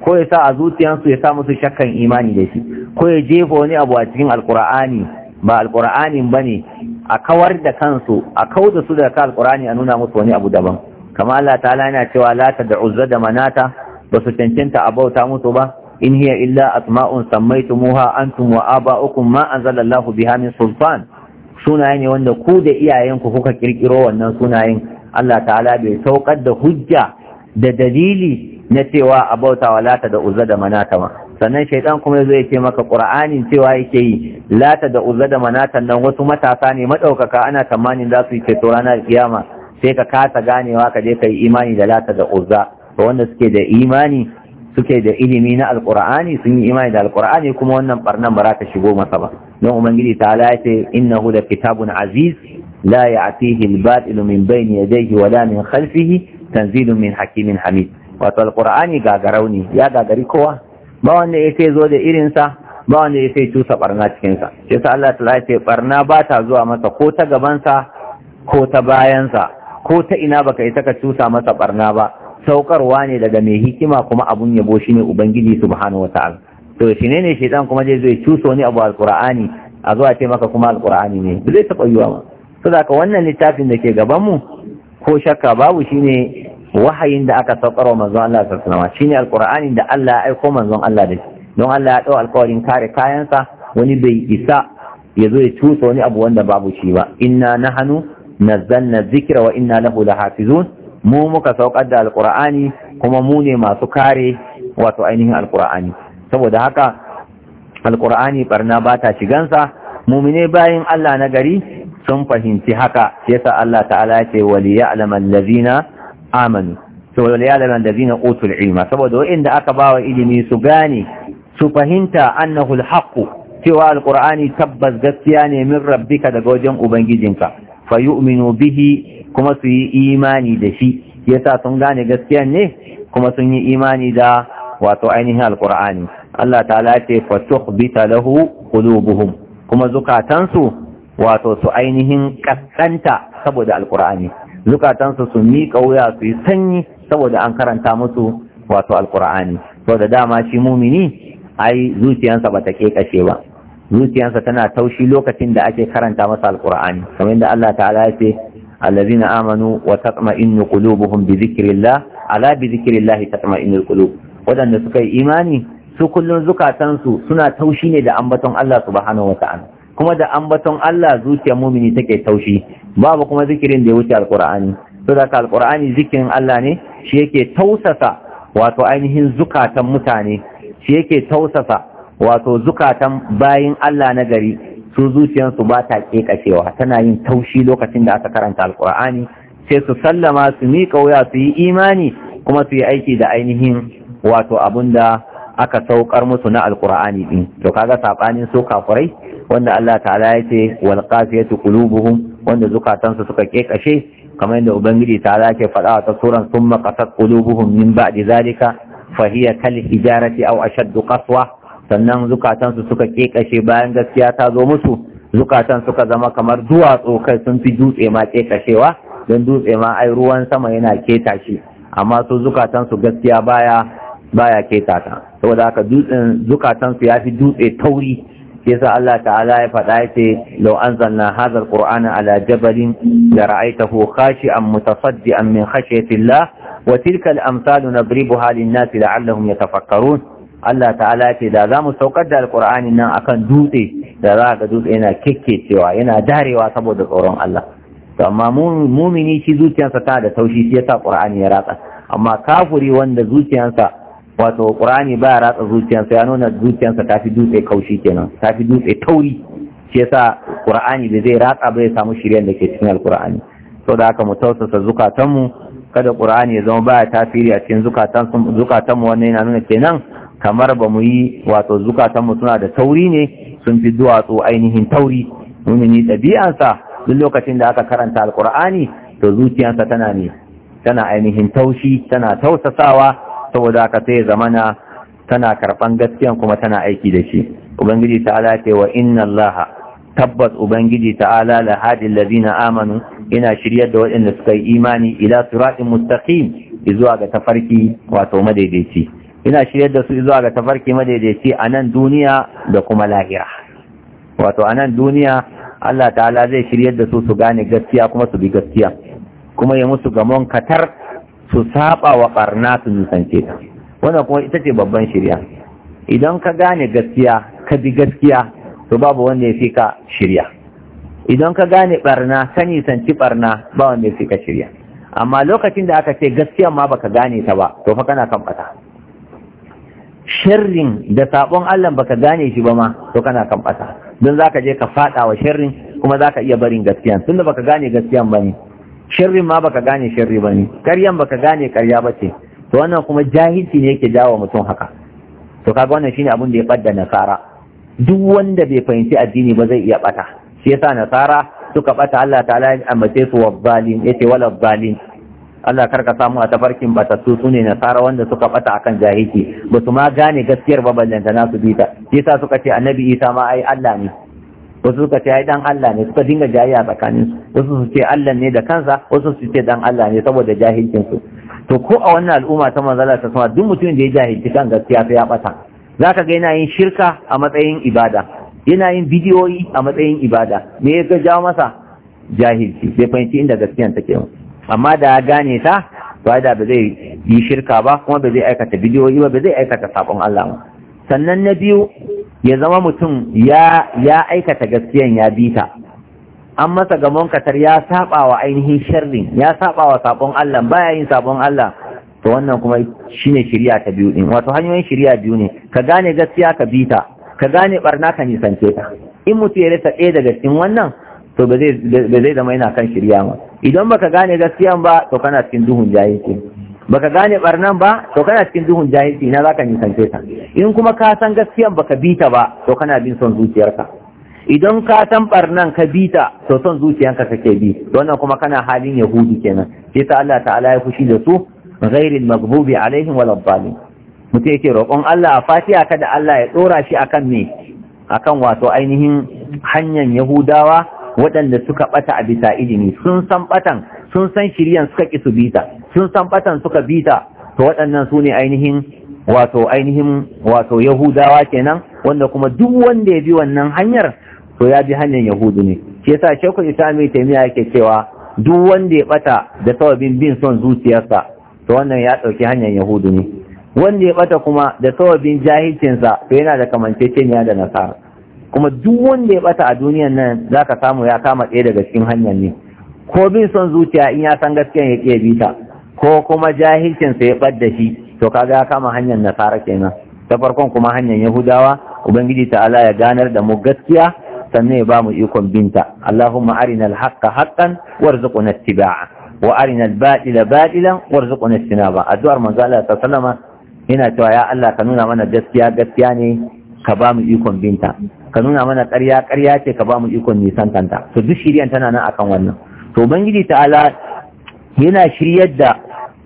ko ya sa a zuciyansu ya sa musu shakkan imani da shi ko ya jefa wani abu a cikin alqur'ani ba alqur'anin bane a kawar da kansu a kauda su daga alqur'ani a nuna musu wani abu daban kama Allah ta'ala yana cewa la tad'u da manata ba su cancanta a bauta musu ba in hiya illa asma'un sammaitumuha antum wa aba'ukum ma anzalallahu biha min sultan sunaye ne wanda ku da iyayenku kuka kirkiro wannan sunayen Allah ta'ala bai saukar da hujja da dalili na cewa a bauta wa lata da uzza da manata ma sannan shaidan kuma zai ce maka qur'anin cewa yake yi lata da uzza da manata nan wasu matasa ne madaukaka ana tamanin za su yi ceto ranar kiyama sai ka kasa ganewa ka je ka yi imani da lata da uzza wanda suke da imani suke da ilimi na alqur'ani sun yi imani da alqur'ani kuma wannan barnan ba za ta shigo masa ba don ubangiji ta lace innahu da kitabun aziz la ya'tihi al-batil min bayni yadayhi wala min khalfihi tanzilun min hakimin hamid wato alqur'ani gagarauni ya gagari kowa ba wanda ya zo da irinsa ba wanda ya sai cusa barna cikinsa sai sa Allah ta ce barna ba ta zuwa masa ko ta gabansa ko ta bayansa ko ta ina baka ita ka cusa masa barna ba saukarwa ne daga mai hikima kuma abun yabo ne ubangiji subhanahu wata'ala to shi ne shaitan kuma zai zo ya cuso wani abu alqur'ani a zuwa ce maka kuma alqur'ani ne ba zai taɓa yiwa ba saboda wannan littafin da ke gaban mu ko shakka babu shine wahayin da aka saukarwa manzon Allah sallallahu alaihi wasallam shine alqur'anin da Allah ya aiko manzon Allah da don Allah ya dau alƙawarin kare kayansa wani bai isa ya zo ya cusa wani abu wanda babu shi ba inna nahnu nazzalna dhikra wa inna lahu lahafizun mu muka saukar da alkur'ani kuma mu ne masu kare wato ainihin alkur'ani saboda haka alkur'ani barna ba ta shigansa mumine bayin Allah na gari sun fahimci haka yasa Allah ta'ala ce waliya alaman lazina amanu saboda waliya alaman lazina utul ilma saboda inda aka bawa ilimi su gane su fahimta annahu alhaqu cewa alkur'ani tabbas gaskiya ne min rabbika daga wajen ubangijinka fayu'minu bihi kuma su yi imani da shi yasa sun gane gaskiya ne kuma sun yi imani da wato ainihin alkur'ani Allah Ta ta'ala ce bita lahu qulubuhum kuma zukatansu wato su ainihin kaskanta saboda alkur'ani zukatansu su miƙa wuya su yi sanyi saboda an karanta musu wato alkur'ani saboda dama shi mumini ai zuciyansa bata kashe ba zuciyansa tana taushi lokacin da ake karanta masa alkur'ani kamar yadda Allah ta'ala ya الذين آمنوا وتطمئن قلوبهم بذكر الله على بذكر الله تطمئن القلوب ودن سكي إيماني su kullum zukatansu suna taushi ne da ambaton Allah subhanahu wata'ala kuma da ambaton Allah zuciyar mumini take taushi babu kuma zikirin da ya wuce alqur'ani to da ka alqur'ani zikirin Allah ne shi yake tausasa wato ainihin zukatan mutane shi yake tausasa wato zukatan bayin Allah na gari su zuciyansu ba ta kashewa tana yin taushi lokacin da aka karanta alkur'ani sai su sallama su miƙa wuya su yi imani kuma su yi aiki da ainihin wato abin da aka saukar musu na alkur'ani din to kaga sabanin su kafurai wanda Allah ta'ala ya ce wal qasiyatu qulubuhum wanda zukatansu suka kekashe kamar yadda ubangiji ta'ala ke faɗa ta suran summa qasat qulubuhum min ba'di zalika fa hiya kal hijarati aw ashaddu qaswa sannan zukatansu suka kekashe bayan gaskiya ta zo musu zukatan suka zama kamar duwatsu kai sun fi dutse ma kekashewa don dutse ma ai ruwan sama yana keta shi amma su zukatansu gaskiya baya baya keta ta saboda haka dutsen zukatansu ya fi dutse tauri yasa Allah ta'ala ya faɗa ya ce law anzalna hadha alqur'ana ala jabalin la ra'aytahu khashi'an mutasaddian min khashyati Allah wa tilka al-amsalu nadribuha lin-nasi la'allahum yatafakkarun Allah ta'ala ce da za mu saukar da alkur'ani nan akan dutse da za ga dutse yana cewa yana darewa saboda tsoron Allah To amma mumini shi zuciyarsa ta da taushi shi yasa ƙur'ani ya ratsa amma kafuri wanda zuciyarsa wato ƙur'ani ba ya ratsa zuciyarsa ya nuna zuciyarsa ta fi dutse kaushi kenan ta fi dutse tauri shi yasa ƙur'ani bai zai ratsa ba ya samu shirya da ke cikin to da haka mu tausasa zukatanmu kada ƙur'ani ya zama ba ya tasiri a cikin zukatanmu wannan yana nuna kenan kamar ba mu yi wato zukatanmu suna da tauri ne sun fi duwatsu ainihin tauri mumini ɗabi'ansa duk lokacin da aka karanta alkur'ani to zuciyansa tana ne tana ainihin taushi tana tausasawa saboda aka sai zamana tana karɓan gaskiyan kuma tana aiki da shi ubangiji ta'ala ce wa inna allaha tabbas ubangiji ta'ala la hadil ladina amanu ina shiryar da waɗanda suka yi imani ila siratin mustaqim zuwa ga tafarki wato madaidaici ina shiryar da su zuwa ga tafarki madaidaici a nan duniya da kuma lahira wato a nan duniya Allah ta'ala zai shiryar da su su gane gaskiya kuma su bi gaskiya kuma ya musu gamon katar su saba wa barna su nusance ta wannan kuma ita ce babban shirya idan ka gane gaskiya ka bi gaskiya to babu wanda ya fi ka shirya idan ka gane barna ka nisanci barna ba wanda ya fi ka shirya amma lokacin da aka ce gaskiya ma baka gane ta ba to fa kana kan bata sharrin da sabon Allah baka gane shi ba ma to kana kan bata don za ka je ka fada wa sharrin kuma ka iya barin gaskiya tunda baka gane gaskiyan bane sharrin ma baka gane sharri ne karyan baka gane karya ba ce. to wannan kuma jahilci ne yake jawo mutum haka to kaga wannan shine abin da ya fadda nasara duk wanda bai fahimci addini ba zai iya bata shi yasa nasara suka bata Allah ta'ala ya ambace su wa zalim yace wala zalim Allah karka samu a tafarkin batattu su ne nasara wanda suka bata akan jahilci ba su ma gane gaskiyar ba ballanta na su bita yasa suka ce annabi isa ma ai Allah ne wasu suka ce ai dan Allah ne suka dinga jayayya tsakanin su wasu su ce Allah ne da kansa wasu su ce dan Allah ne saboda jahilcin su to ko a wannan al'umma ta manzala ta sama duk mutum da ya jahilci kan gaskiya sai ya bata zaka ga yana yin shirka a matsayin ibada yana yin bidiyoyi a matsayin ibada me ya ga jawo masa jahilci bai fahimci inda gaskiyan take ba amma da ya gane ta ba da ba zai yi shirka ba kuma ba zai aikata bidiyoyi ba ba zai aikata sakon Allah ba sannan na biyu ya zama mutum ya ya aikata gaskiyan ya bi ta an masa gamon katar ya saba wa ainihin sharri ya saba wa sabon Allah baya yin sabon Allah to wannan kuma shine shari'a ta biyu din wato hanyoyin shari'a biyu ne ka gane gaskiya ka bi ta ka gane barna ka nisance ta in mutum ya rasa ɗaya daga cikin wannan to ba zai zama yana kan shirya ba idan baka gane gaskiyan ba to kana cikin duhun jahilci baka gane barnan ba to kana cikin duhun jahilci na zaka nisance ta in kuma ka san gaskiyan baka bita ba to kana bin son zuciyarka idan ka san barnan ka bita to son zuciyanka kake bi wannan kuma kana halin yahudi kenan sai ta Allah ta'ala ya fushi da su ghairil maghdubi alaihim wal dhalim mutai yake roƙon Allah a fatiha kada Allah ya dora shi akan me akan wato ainihin hanyar yahudawa waɗanda suka ɓata a bisa ilimi sun san ɓatan sun san shiryan suka ƙi su bita sun san ɓatan suka bita to waɗannan su ne ainihin wato ainihin wato yahudawa kenan wanda kuma duk wanda ya bi wannan hanyar to ya bi hanyar yahudu ne shi yasa shekul islami taimiya yake cewa duk wanda ya ɓata da sababin bin son zuciyarsa to wannan ya ɗauki hanyar yahudu ne wanda ya ɓata kuma da sababin jahilcinsa to yana da kamanceceniya da nasara kuma duk wanda ya bata a duniyan nan za ka samu ya kama ɗaya daga cikin hanyar ne ko bin son zuciya in ya san gaskiya ya ƙiya bita ko kuma jahilcinsa ya ya ɓadda shi to kaga ya kama hanyar nasara kenan ta farkon kuma hanyar yahudawa ubangiji ta'ala ya ganar da mu gaskiya sannan ya ba mu ikon binta allahumma arina alhaqqa haqqan warzuqna ittiba'a wa arina albatila batilan warzuqna ijtinaba addu'ar manzo Allah sallama yana cewa ya Allah ka nuna mana gaskiya gaskiya ne ka ba mu ikon binta ka nuna mana ƙarya ƙarya ce ka ba mu ikon nisan kanta to duk shiryan tana nan akan wannan to ubangiji ta'ala yana shiryar da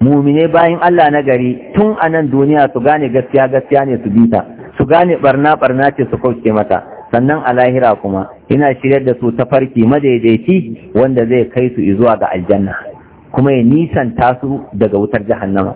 mumine bayan Allah na gari tun a nan duniya su gane gaskiya gaskiya ne su bita su gane barna barna ce su kauce mata sannan a lahira kuma yana shiryar da su ta farki madaidaici wanda zai kai su zuwa ga aljanna kuma ya nisanta su daga wutar jahannama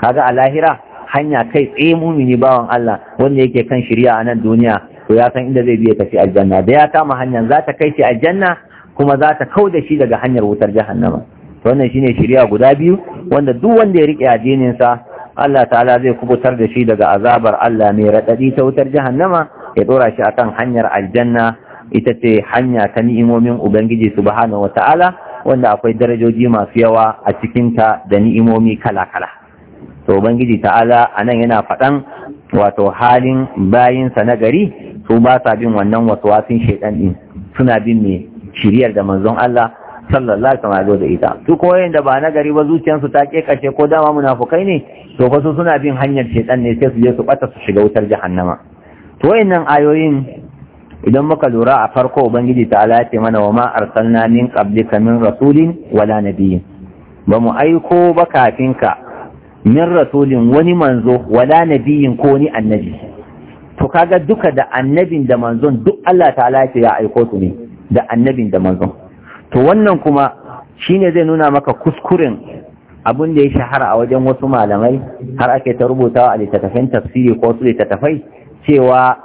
kaga a lahira hanya kai tsaye mumini bawan Allah wanda yake kan shirya a nan duniya to ya san inda zai biya tafi aljanna da ya kama hanyar za ta kai shi aljanna kuma za ta kau da shi daga hanyar wutar jahannama to wannan shine shirya guda biyu wanda duk wanda ya rike addinin sa Allah ta'ala zai kubutar da shi daga azabar Allah mai radadi ta wutar jahannama ya dora shi akan hanyar aljanna ita ce hanya ta ni'imomin ubangiji subhanahu wata'ala wanda akwai darajoji masu yawa a cikin ta da ni'imomi kala-kala to ubangiji ta'ala anan yana faɗan wato halin bayinsa na gari su ba sa bin wannan waswasin shaidan din suna bin ne shiriyar da manzon Allah sallallahu alaihi wasallam da ita su koyin da ba na gari ba zuciyarsu ta ke kashe ko dama munafukai ne to fa su suna bin hanyar shaiɗan ne sai su je su bata su shiga wutar jahannama to wayannan ayoyin idan muka lura a farko ubangiji ta ala ce mana wa ma arsalna min qablika min rasulin wala nabiyyin ba mu aiko ba kafin ka min rasulin wani manzo wala nabiyyin ko ni annabi to kaga duka da annabin da manzon duk Allah ta'ala ya aiko su ne da annabin da manzon to wannan kuma shine zai nuna maka kuskuren abun da ya shahara a wajen wasu malamai har ake ta rubutawa a littattafan tafsiri ko su littattafai cewa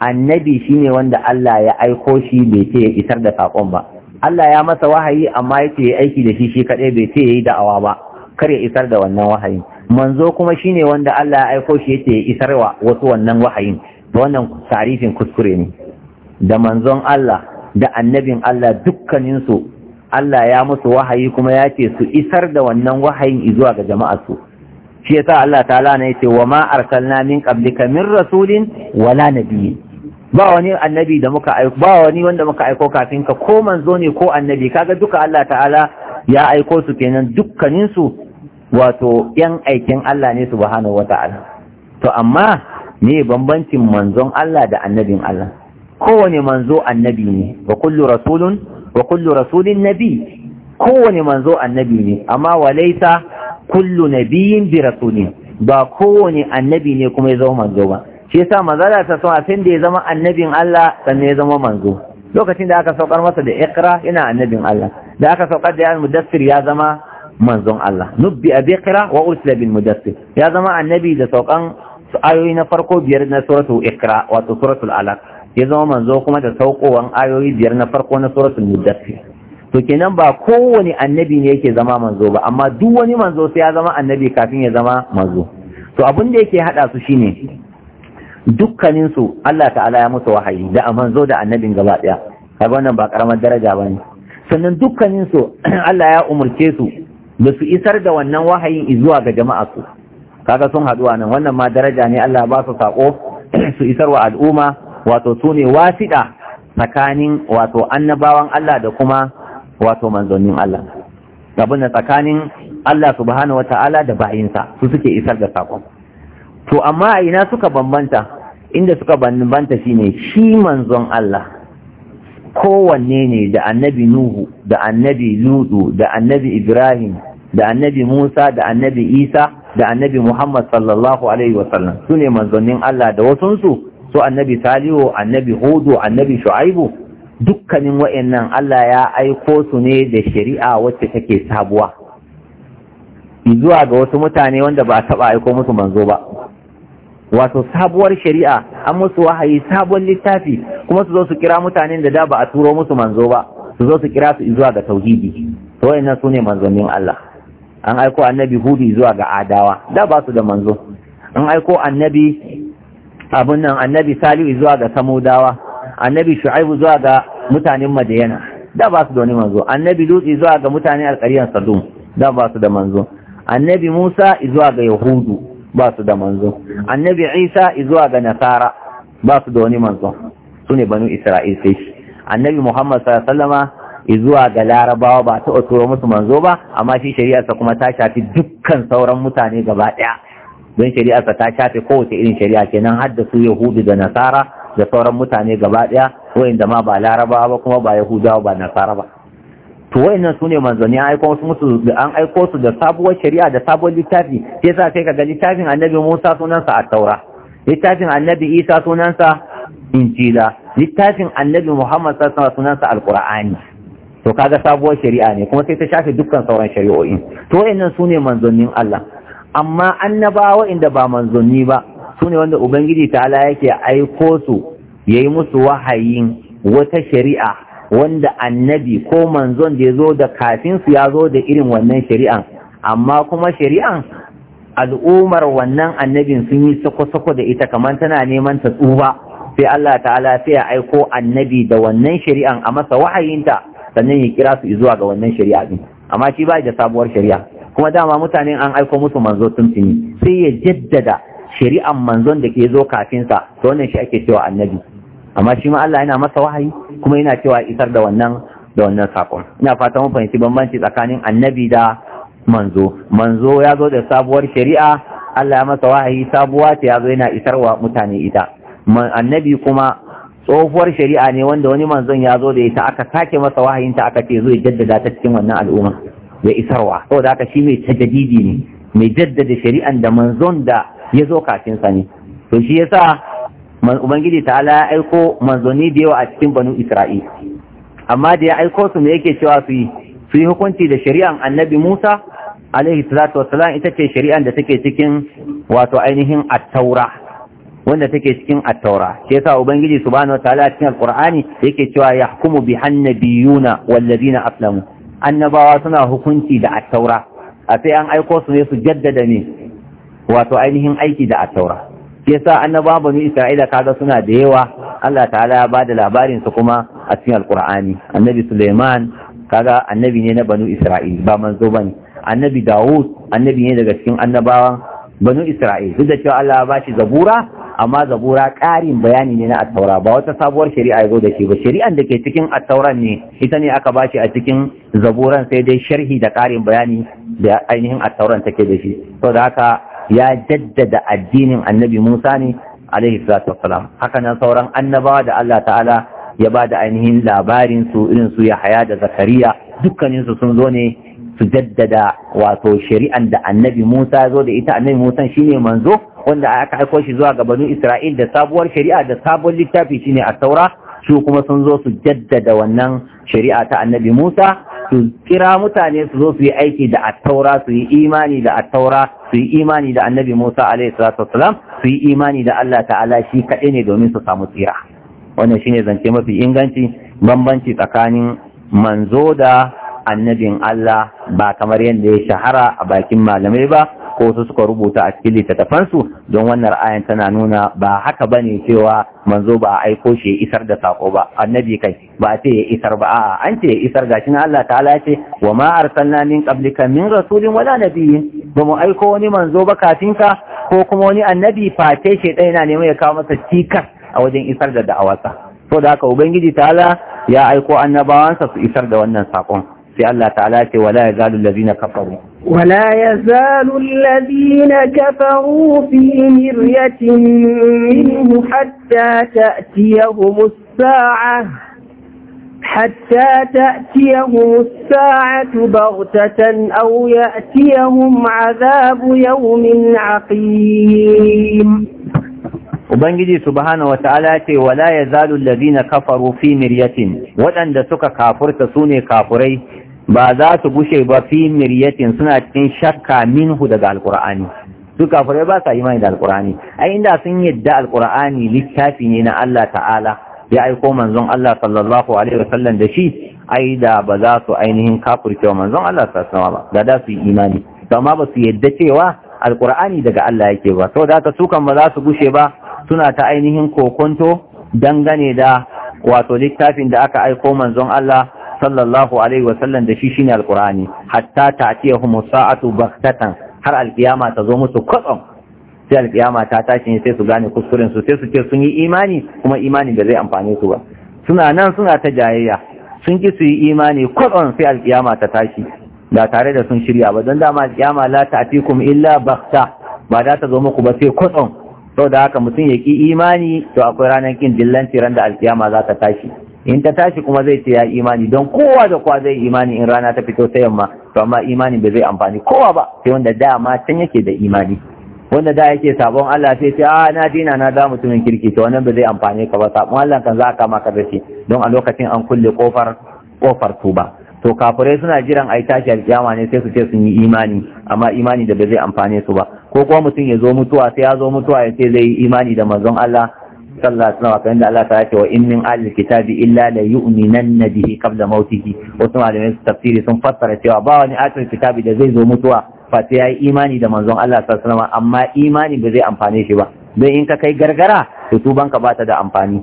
annabi shine wanda Allah ya aiko shi bai ce ya isar da saƙon ba Allah ya masa wahayi amma yake aiki da shi shi kaɗai bai ce ya yi da'awa ba kar ya isar da wannan wahayin manzo kuma shine wanda Allah ya aiko shi yake ya isarwa wasu wannan wahayin wannan tarihin kuskure ne da manzon Allah da annabin Allah dukkaninsu Allah ya musu wahayi kuma ya ce su isar da wannan wahayin zuwa ga su shi yasa Allah ta'ala ne yace wa ma arsalna min qablika min rasulin wala nabiyyin ba wani annabi da muka aiko ba wani wanda muka aiko kafin ka ko manzo ne ko annabi kaga duka Allah ta'ala ya aiko su kenan dukkanin su wato yan aikin Allah ne subhanahu wata'ala to amma ne bambancin manzon Allah da annabin Allah kowane manzo annabi ne wa kullu rasulun wa kullu rasulin nabi kowane manzo annabi ne amma walaisa kullu nabiyin bi rasulin ba kowane annabi ne kuma ya zama manzo ba shi yasa da ta sama sai da ya zama annabin Allah sannan ya zama manzo lokacin da aka saukar masa da iqra yana annabin Allah da aka saukar da ya mudassir ya zama manzon Allah nubbi a wa usla bil mudassir ya zama annabi da saukan ayoyi na farko biyar na suratul ikra wato suratul alaq ya zama manzo kuma da saukowan ayoyi biyar na farko na suratul mudassir to kenan ba kowane annabi ne yake zama manzo ba amma duk wani manzo sai ya zama annabi kafin ya zama manzo to abin da yake hada su shine dukkanin su Allah ta'ala ya musu wahayi da manzo da annabin gaba daya kaga wannan ba karamar daraja bane sannan dukkanin su Allah ya umurce su Da su isar da wannan wahayin zuwa ga jama'a su kaga sun haɗuwa nan wannan ma daraja ne Allah ba su sako su isar wa al'umma wato su ne wasida tsakanin wato annabawan Allah da kuma wato manzonin Allah abin da tsakanin Allah subhanahu wata'ala da bayinsa su suke isar da sako. to amma a ina suka bambanta inda suka bambanta shine shi manzon Allah kowanne ne da annabi nuhu da annabi ludu da annabi ibrahim da annabi musa da annabi isa da annabi muhammad sallallahu alaihi wasallam su ne manzannin allah da wasunsu su annabi salihu annabi hudu annabi shu'aibu dukkanin wayannan allah ya aiko su ne da shari'a wacce take sabuwa zuwa ga wasu mutane wanda ba a taɓa aiko musu manzo ba wato sabuwar shari'a an musu wahayi sabon littafi kuma su zo su kira mutanen da da ba a turo musu manzo ba su zo su kira su zuwa ga tauhidi to wayannan sune manzonin Allah an aiko annabi hudu zuwa ga adawa da ba su da manzo an aiko annabi abun nan annabi salihu zuwa ga samudawa annabi shu'aibu zuwa ga mutanen madiyana da ba su da wani manzo annabi lutsi zuwa ga mutanen alƙaryar sadum da ba su da manzo annabi musa zuwa ga yahudu ba su da manzo annabi isa zuwa ga nasara ba su da wani manzo su ne banu isra'il sai annabi muhammad sallama zuwa ga larabawa ba ta turo musu manzo ba amma shi shari'arsa kuma ta shafi dukkan sauran mutane gaba daya don shari'arsa ta shafi kowace irin shari'a kenan har da su yahudu da nasara da sauran mutane gaba ɗaya wa'inda ma ba larabawa ba kuma ba yahudawa ba nasara ba to wayannan sune manzanni an aiko musu an aiko su da sabuwar shari'a da sabuwar littafi sai sa kai ga littafin annabi Musa sunansa at taura littafin annabi Isa sunansa injila littafin annabi Muhammad sallallahu alaihi wasallam al-qur'ani to kaga sabuwar shari'a ne kuma sai ta shafe dukkan sauran shari'o'i to wayannan sune manzannin Allah amma annabawa inda ba manzanni ba Sune wanda ubangiji ta'ala yake aiko su yayi musu wahayin wata shari'a wanda annabi ko manzon da ya zo da kafin su ya zo da irin wannan shari'an amma kuma shari'an al'ummar wannan annabin sun yi sako-sako da ita kamar tana neman ta tsuba sai Allah ta'ala sai ya aiko annabi da wannan shari'an a masa wahayinta sannan ya kira su zuwa ga wannan shari'a din amma shi ba da sabuwar shari'a kuma dama mutane an aiko musu manzo tun tuni sai ya jaddada shari'an manzon da ke zo kafin sa to wannan shi ake cewa annabi amma shi ma Allah yana masa wahayi kuma yana cewa isar da wannan da wannan sakon ina fata mun fahimci bambanci tsakanin annabi da manzo manzo ya zo da sabuwar shari'a Allah ya masa wahayi sabuwa ta ya zo yana isarwa mutane ita annabi kuma tsohuwar shari'a ne wanda wani manzon ya zo da ita aka sake masa wahayin ta aka ce zai jaddada ta cikin wannan al'umma ya isarwa saboda haka shi mai tajadidi ne mai jaddada shari'an da manzon da ya zo kafin sa ne to shi yasa ubangiji ta'ala ya aiko manzoni da yawa a cikin banu isra'il amma da ya aiko su me yake cewa su yi su yi hukunci da shari'an annabi musa alaihi salatu wassalam ita ce shari'an da take cikin wato ainihin attaura wanda take cikin attaura shi yasa ubangiji subhanahu wataala a cikin alqur'ani yake cewa yahkumu bi hannabiyuna na aslamu annabawa suna hukunci da attaura a sai an aiko su ne su jaddada ne wato ainihin aiki da attaura yasa annabawan bani isra'ila kaga suna da yawa Allah ta'ala ya bada labarin su kuma a cikin alqur'ani annabi suleiman kaga annabi ne na banu isra'il ba manzo bane annabi dawud annabi ne daga cikin annabawan banu isra'il duk da cewa Allah ya bashi zabura amma zabura ƙarin bayani ne na attaura ba wata sabuwar shari'a ya zo da shi ba shari'an da ke cikin attauran ne ita ne aka bashi a cikin zaburan sai dai sharhi da ƙarin bayani da ainihin attauran take da shi saboda haka ya jaddada addinin annabi Musa ne alaihi salatu wassalam haka nan sauran annabawa da Allah ta'ala ya ba da ainihin labarin su irin su Yahaya da Zakariya dukkanin su sun zo ne su jaddada wato shari'an da annabi Musa ya zo da ita annabi Musa shine manzo wanda aka aiko shi zuwa ga banu Isra'il da sabuwar shari'a da sabon littafi shine a taura su kuma sun zo su jaddada wannan shari'a ta annabi Musa su kira mutane su zo su yi aiki da attaura su yi imani da attaura su yi imani da annabi Musa alaihi salatu su yi imani da Allah ta'ala shi kaɗai ne domin su samu tsira wannan shine zance mafi inganci bambanci tsakanin manzo da annabin Allah ba kamar yadda ya shahara a bakin malamai ba ko su suka rubuta a cikin littattafansu don wannan ayan tana nuna ba haka bane cewa manzo ba a aiko shi ya isar da sako ba annabi kai ba ce ya isar ba a'a an ce ya isar gashi na Allah ta'ala ya ce wa ma arsalna min qablika min rasulin wala nabiyyin ba mu aiko wani manzo ba kafin ka ko kuma wani annabi face shi dai na neman ya kawo masa cikar a wajen isar da da'awarsa so da haka ubangiji ta'ala ya aiko annabawansa su isar da wannan sakon sai Allah ta'ala ce wala yazalu allazina kafaru ولا يزال الذين كفروا في مرية منه حتى تأتيهم الساعة حتى تأتيهم الساعة بغتة أو يأتيهم عذاب يوم عقيم Ubangiji subhanahu wata'ala ya ce wala yazalu allazina kafaru fi miryatin waɗanda suka kafurta sune kafurai ba za su gushe ba fi miryatin suna cikin shakka minhu daga alkur'ani su kafirai ba sa imani da alkur'ani ai inda sun yadda alkur'ani littafi ne na Allah ta'ala ya aiko manzon Allah sallallahu alaihi wasallam da shi ai da ba za su ainihin kafirce manzon Allah sallallahu alaihi wasallam ba da su yi imani amma ba su yadda cewa alkur'ani daga Allah yake ba saboda haka ka sukan ba za su gushe ba suna ta ainihin kokonto dangane da wato littafin da aka aiko manzon Allah sallallahu alaihi wa sallam da shi shine alqur'ani hatta ta'tiyahum sa'atu baghtatan har alqiyama ta zo musu kwatsam sai alkiyama ta tashi sai su gane kuskuren su sai su ce sun yi imani kuma imani da zai amfane su ba suna nan suna ta jayayya sun ki su yi imani kwatsam sai alkiyama ta tashi Da tare da sun shirya ba don dama alqiyama la ta'tikum illa baghta ba da ta zo muku ba sai kwatsam saboda haka mutum ya ki imani to akwai ranar kin dillanci ran da alkiyama za ta tashi in ta tashi kuma zai ce ya imani don kowa da kowa zai imani in rana ta fito ta yamma to amma imani bai zai amfani kowa ba sai wanda dama can yake da imani wanda da yake sabon Allah sai ce ah na dina na da mutumin kirki to wannan ba zai amfane ka ba sabon Allah kan za ka maka da shi don a lokacin an kulle kofar kofar tuba to kafirai suna jiran ai tashi alkiyama ne sai su ce sun yi imani amma imani da ba zai amfane su ba ko kuma mutum ya zo mutuwa sai ya zo mutuwa ya ce zai yi imani da manzon Allah sallallahu alaihi wasallam da Allah ta ce wa in min ahli kitabi illa la yu'minanna bihi qabla mautihi wasu malamai tafsiri sun fassara cewa ba wani ahlul kitabi da zai zo mutuwa fa sai yayi imani da manzon Allah sallallahu alaihi wasallam amma imani ba zai amfane shi ba don in ka kai gargara to tubanka ba ta da amfani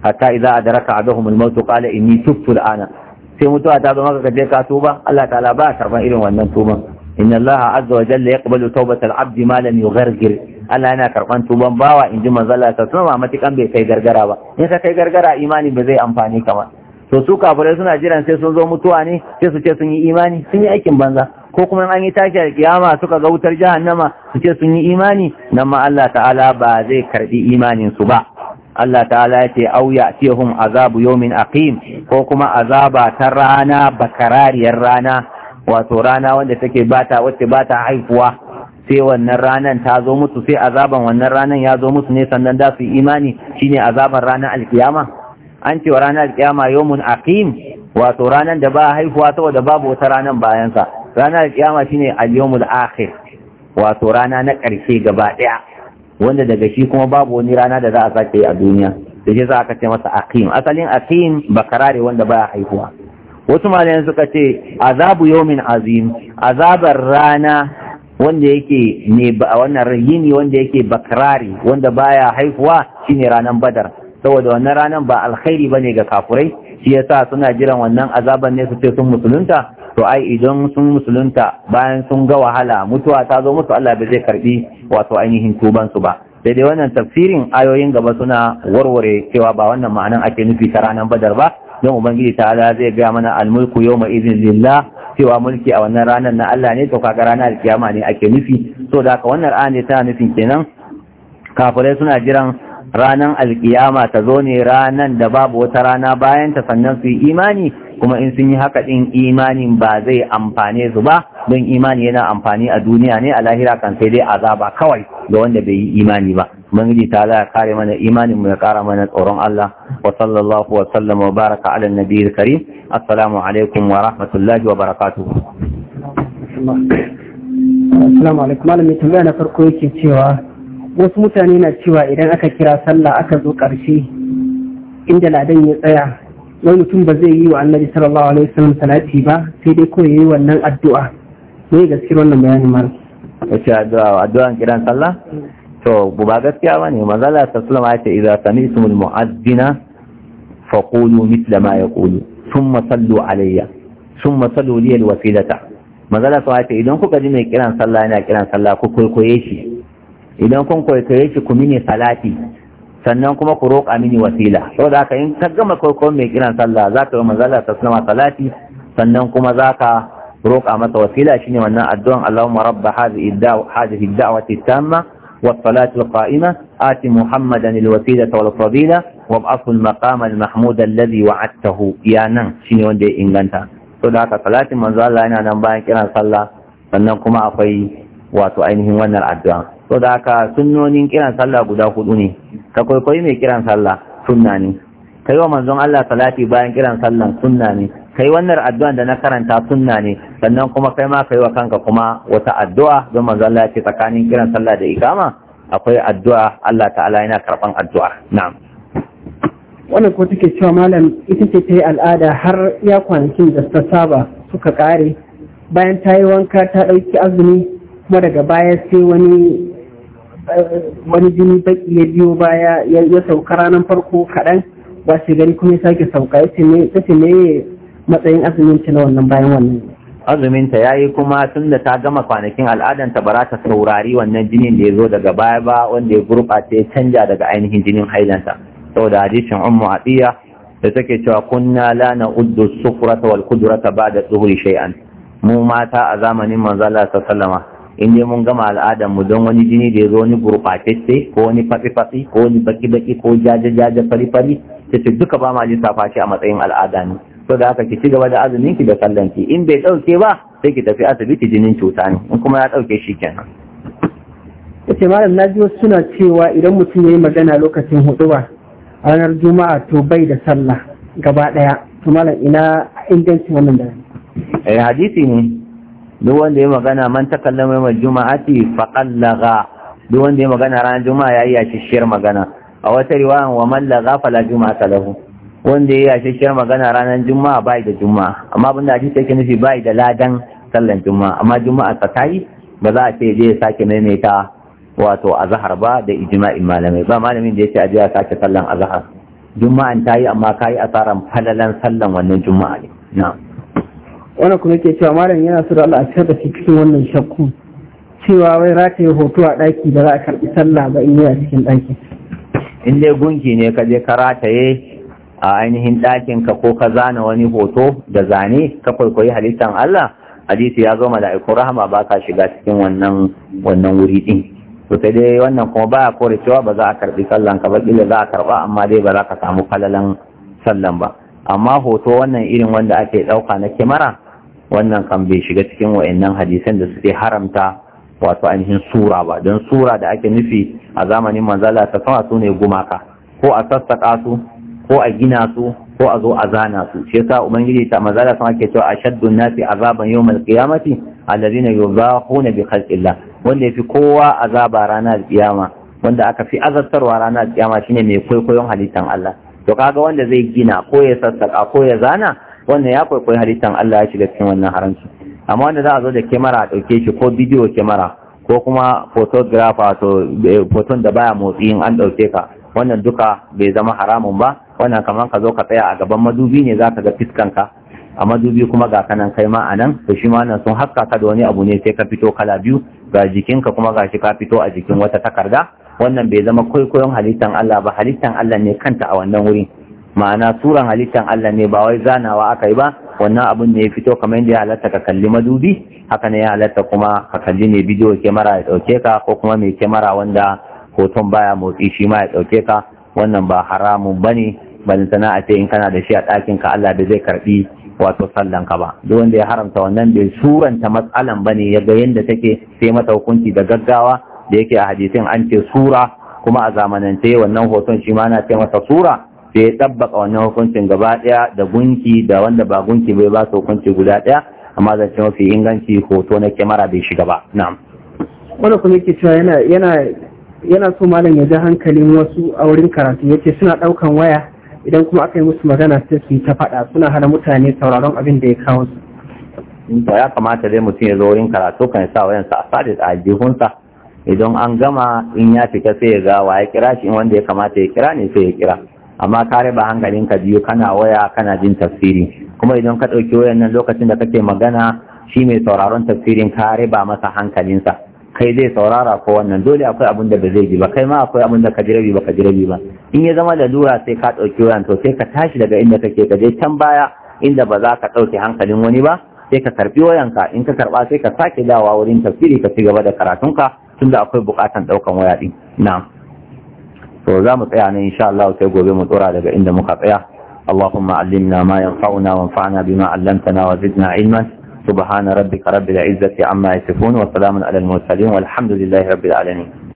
hatta idza adraka aduhum al-maut qala inni tubtu al-ana sai mutuwa ta zo maka kaje ka tuba Allah ta'ala ba karban irin wannan tuban inna Allah azza wa jalla yaqbalu tawbata al ma lam yughargir Allah yana karɓar tuban bawa in ji manzo Allah ta sama bai kai gargara ba in ka kai gargara imani ba zai amfani kamar to su kafirai suna jiran sai sun zo mutuwa ne sai su ce sun yi imani sun yi aikin banza ko kuma an yi tashi da kiyama suka ga wutar jahannama su ce sun yi imani nan ma Allah ta'ala ba zai karbi imanin su ba Allah ta'ala ya ce au ya'tihum azabu yawmin aqim ko kuma azaba ta rana bakarariyar rana wato rana wanda take bata wacce bata haifuwa sai wannan ranan ta zo musu sai azaban wannan ranan ya zo musu ne sannan da su imani shine azaban ranar alkiyama an cewa ranar alkiyama yawmun aqim wato ranan da ba haihuwa saboda babu wata ranan bayan sa ranar alkiyama shine al-yawmul akhir wato rana na ƙarshe gaba ɗaya wanda daga shi kuma babu wani rana da za a sake a duniya da shi za a kace masa aqim asalin aqim bakarare wanda baya haihuwa wasu malayan suka ce azabu yawmin azim azabar rana wanda yake ne a wannan yini wanda yake bakrari wanda baya haifuwa shine ranan badar saboda wannan ranar ba alkhairi bane ga kafurai shi yasa suna jiran wannan azaban ne su ce sun musulunta to ai idan sun musulunta bayan sun ga wahala mutuwa ta zo musu Allah ba zai karbi wato ainihin tuban su ba sai dai wannan tafsirin ayoyin gaba suna warware cewa ba wannan ma'anan ake nufi ta ranan badar ba don ubangiji ta'ala zai gaya mana almulku yawma idin lillah cewa mulki a wannan ranar na Allah ne to kaga ranar alkiyama ne ake nufi so da haka wannan ranar ne tana nufin kenan kafirai suna jiran ranar alkiyama ta zo ne ranar da babu wata rana bayan ta sannan su yi imani kuma in sun yi haka din imanin ba zai amfane su ba don imani yana amfani a duniya ne a lahira kan sai dai azaba kawai ga wanda bai yi imani ba ubangiji ta ya kare mana imani mu ya kara mana tsoron Allah wa sallallahu wa sallama wa baraka ala nabiyil karim assalamu alaikum wa rahmatullahi wa barakatuh assalamu alaikum malami tambaya na farko yake cewa wasu mutane na cewa idan aka kira sallah aka zo karshe inda ladan ya tsaya wani mutum ba zai yi wa annabi sallallahu alaihi wasallam salati ba sai dai ko yayi wannan addu'a ne gaskiyar wannan bayani mara yace addu'a addu'an kiran sallah to ba gaskiya ba ne? Allah sallallahu alaihi wasallam ya ce su mulmu mu'adhdhina faqulu mitla ma yaqulu sun masallo alayya sun sallu li alwasilata manzo Allah sallallahu ce idan kuka ji mai kiran sallah yana kiran sallah ku kwaikwaye shi idan kun kwaikwaye shi ku mini salati sannan kuma ku roƙa mini wasila saboda haka in ka gama kwaikwayon mai kiran sallah ka yi manzo Allah sallallahu salati sannan kuma za ka. roƙa masa wasila shine wannan addu'an Allahumma rabba hadhihi ad-da'wati at-tamma والصلاة القائمة آت محمدا الوسيلة والفضيلة وابعثه المقام المحمود الذي ya nan shine wanda ya انغانتا to da haka salatin manzo Allah yana nan bayan kiran sallah sannan kuma akwai wato ainihin wannan addu'a to da haka sunnonin kiran sallah guda hudu ne ka kwaikwayi mai kiran sallah sunna ne kai wa manzon Allah salati bayan kiran sallah sunna ne kai wannan addu'an da na karanta sunna ne sannan kuma kai ma kai wa kanka kuma wata addu'a don manzo Allah yake tsakanin kiran sallah da ikama akwai addu'a Allah ta'ala yana karban addu'a na'am wannan ko take cewa malam ita ce ta yi al'ada har ya kwanakin da ta saba suka kare bayan ta yi wanka ta ɗauki azumi kuma daga baya sai wani wani jini baki ya biyo baya ya sauka ranar farko kaɗan ba shi gari kuma ya sake sauka ya ce ne matsayin azumin na wannan bayan wannan azumin ta yayi kuma tun da ta gama kwanakin al'adan ta bara ta saurari wannan jinin da ya zo daga baya ba wanda ya gurɓace ya canja daga ainihin jinin hailanta saboda hadisin ummu atiya da take cewa kunna la na'uddu sufrata wal da ba'da zuhuri shay'an mu mata a zamanin manzo Allah sallama in dai mun gama al'adar mu don wani jini da ya zo wani gurɓatacce ko wani fatsi-fatsi ko wani baki-baki ko jaje-jaje fari-fari ta ce duka ba ma lissafa ce a matsayin al'ada ne so da haka ki ci gaba da azumin ki da sallan ki in bai dauke ba sai ki tafi asibiti jinin cuta ne in kuma ya dauke shi kenan yace malam na ji wasu suna cewa idan mutum yayi magana lokacin huduba ranar juma'a to bai da sallah gaba daya to malam ina ingancin wannan da eh hadisi ne duk wanda ya magana man takallama juma'a juma'ati fa qallaga duk wanda ya magana ranar juma'a yayi ya shishiyar magana a wata riwayan wa man laga fala juma'a lahu wanda ya yashe shi magana ranar juma'a bai da juma'a amma abin da hadisi yake nufi bai da ladan sallan juma'a amma juma'a tsakayi ba za a ce je sake maimaita wato azhar ba da ijma'in malamai ba malamin da ya ce a jiya sake sallan azhar juma'an ta yi amma ka yi asaran falalan sallan wannan juma'a ne na'am wannan kuma ke cewa malamin yana so da Allah a da cikin wannan shakku cewa wai rataye hoto a ɗaki da za a karɓi sallah ba in yi a cikin daki In dai gunki ne ka je ka rataye a ainihin ɗakinka ko ka zana wani hoto da zane ka kwaikwayi halittar Allah hadisi ya zo mala'iku rahama ba ka shiga cikin wannan wuri din to sai dai wannan kuma ba kore cewa ba za a karbi sallan ka ba kila za a karba amma dai ba za ka samu kalalan sallan ba amma hoto wannan irin wanda ake ɗauka na kyamara wannan kan bai shiga cikin wa'annan hadisan da suke haramta wato ainihin sura ba don sura da ake nufi a zamanin manzala ta sama su ne gumaka ko a sassaƙa su ko a gina su ko a zo a zana su shi yasa ubangiji ta manzala sun ake cewa ashaddu nasi azaban yawmal qiyamati alladhina yuzaquna bi khalqillah wanda yafi kowa azaba ranar kiyama wanda aka fi azabtarwa ranar kiyama shine mai kwaikwayon halittan Allah to kaga wanda zai gina ko ya sassaka ko ya zana wannan ya kwaikwayi halittan Allah ya shiga cikin wannan haramci amma wanda za a zo da kyamara a ɗauke shi ko bidiyo kyamara ko kuma photographer to foton eh, da baya motsi in an ɗauke ka wannan duka bai zama haramun ba wannan kamar ka zo ka tsaya a gaban madubi ne za ka ga fiskanka a madubi kuma ga kanan kai ma a nan to shi ma nan sun haska ka da wani abu ne sai ka fito kala biyu ga jikinka kuma ga shi ka fito a jikin wata takarda wannan bai zama kwaikwayon halittan Allah ba halittan Allah ne kanta a wannan wurin ma'ana suran halittan Allah ne ba wai zanawa aka yi ba wannan abun ne ya fito kamar yadda ya halatta ka kalli madubi haka ne ya halatta kuma ka kalli ne bidiyo kyamara ya ɗauke ka ko kuma mai kyamara wanda hoton baya motsi shi ma ya ɗauke ka wannan ba haramun bane sana a ce in kana da shi a ɗakin ka Allah da zai karbi wato sallan ka ba duk wanda ya haramta wannan bai suranta matsalan bane ya ga yanda take sai mata hukunci da gaggawa da yake a hadisin an ce sura kuma a zamanance wannan hoton shi ma na ce masa sura sai ya tabbaka wannan hukuncin gaba ɗaya da gunki da wanda ba gunki bai ba su hukunci guda ɗaya. amma zan ce mafi inganci hoto na kyamara bai shiga ba na'am wanda kuma yake cewa yana yana yana so malam ya ji hankalin wasu a wurin karatu yace suna ɗaukan waya idan kuma aka yi musu magana sai su ta faɗa suna hana mutane sauraron abin da ya kawo su to ya kamata zai mutum ya zo wurin karatu kan sa wayansa a sadis a jihunsa idan an gama in ya fita sai ya ga wa ya kira shi In wanda ya kamata ya kira ne sai ya kira amma ka raba hankalin ka biyu kana waya kana jin tafsiri kuma idan ka ɗauki wayan nan lokacin da kake magana shi mai sauraron tafsirin ka raba masa hankalinsa kai zai saurara ko wannan dole akwai abin da ba zai ji ba kai ma akwai abin da ka ji rabi ba ka ji ba in ya zama lalura sai ka ɗauki wayan to sai ka tashi daga inda kake ka je can baya inda ba za ka ɗauke hankalin wani ba sai ka karɓi wayanka in ka karɓa sai ka sake dawa wurin tafsiri ka ci gaba da karatunka tunda akwai buƙatan ɗaukan waya ɗin na to za mu tsaya ne insha Allah sai gobe mu tsora daga inda muka tsaya اللهم علمنا ما ينفعنا وانفعنا بما علمتنا وزدنا علما سبحان ربك رب العزة عما يصفون وسلام على المرسلين والحمد لله رب العالمين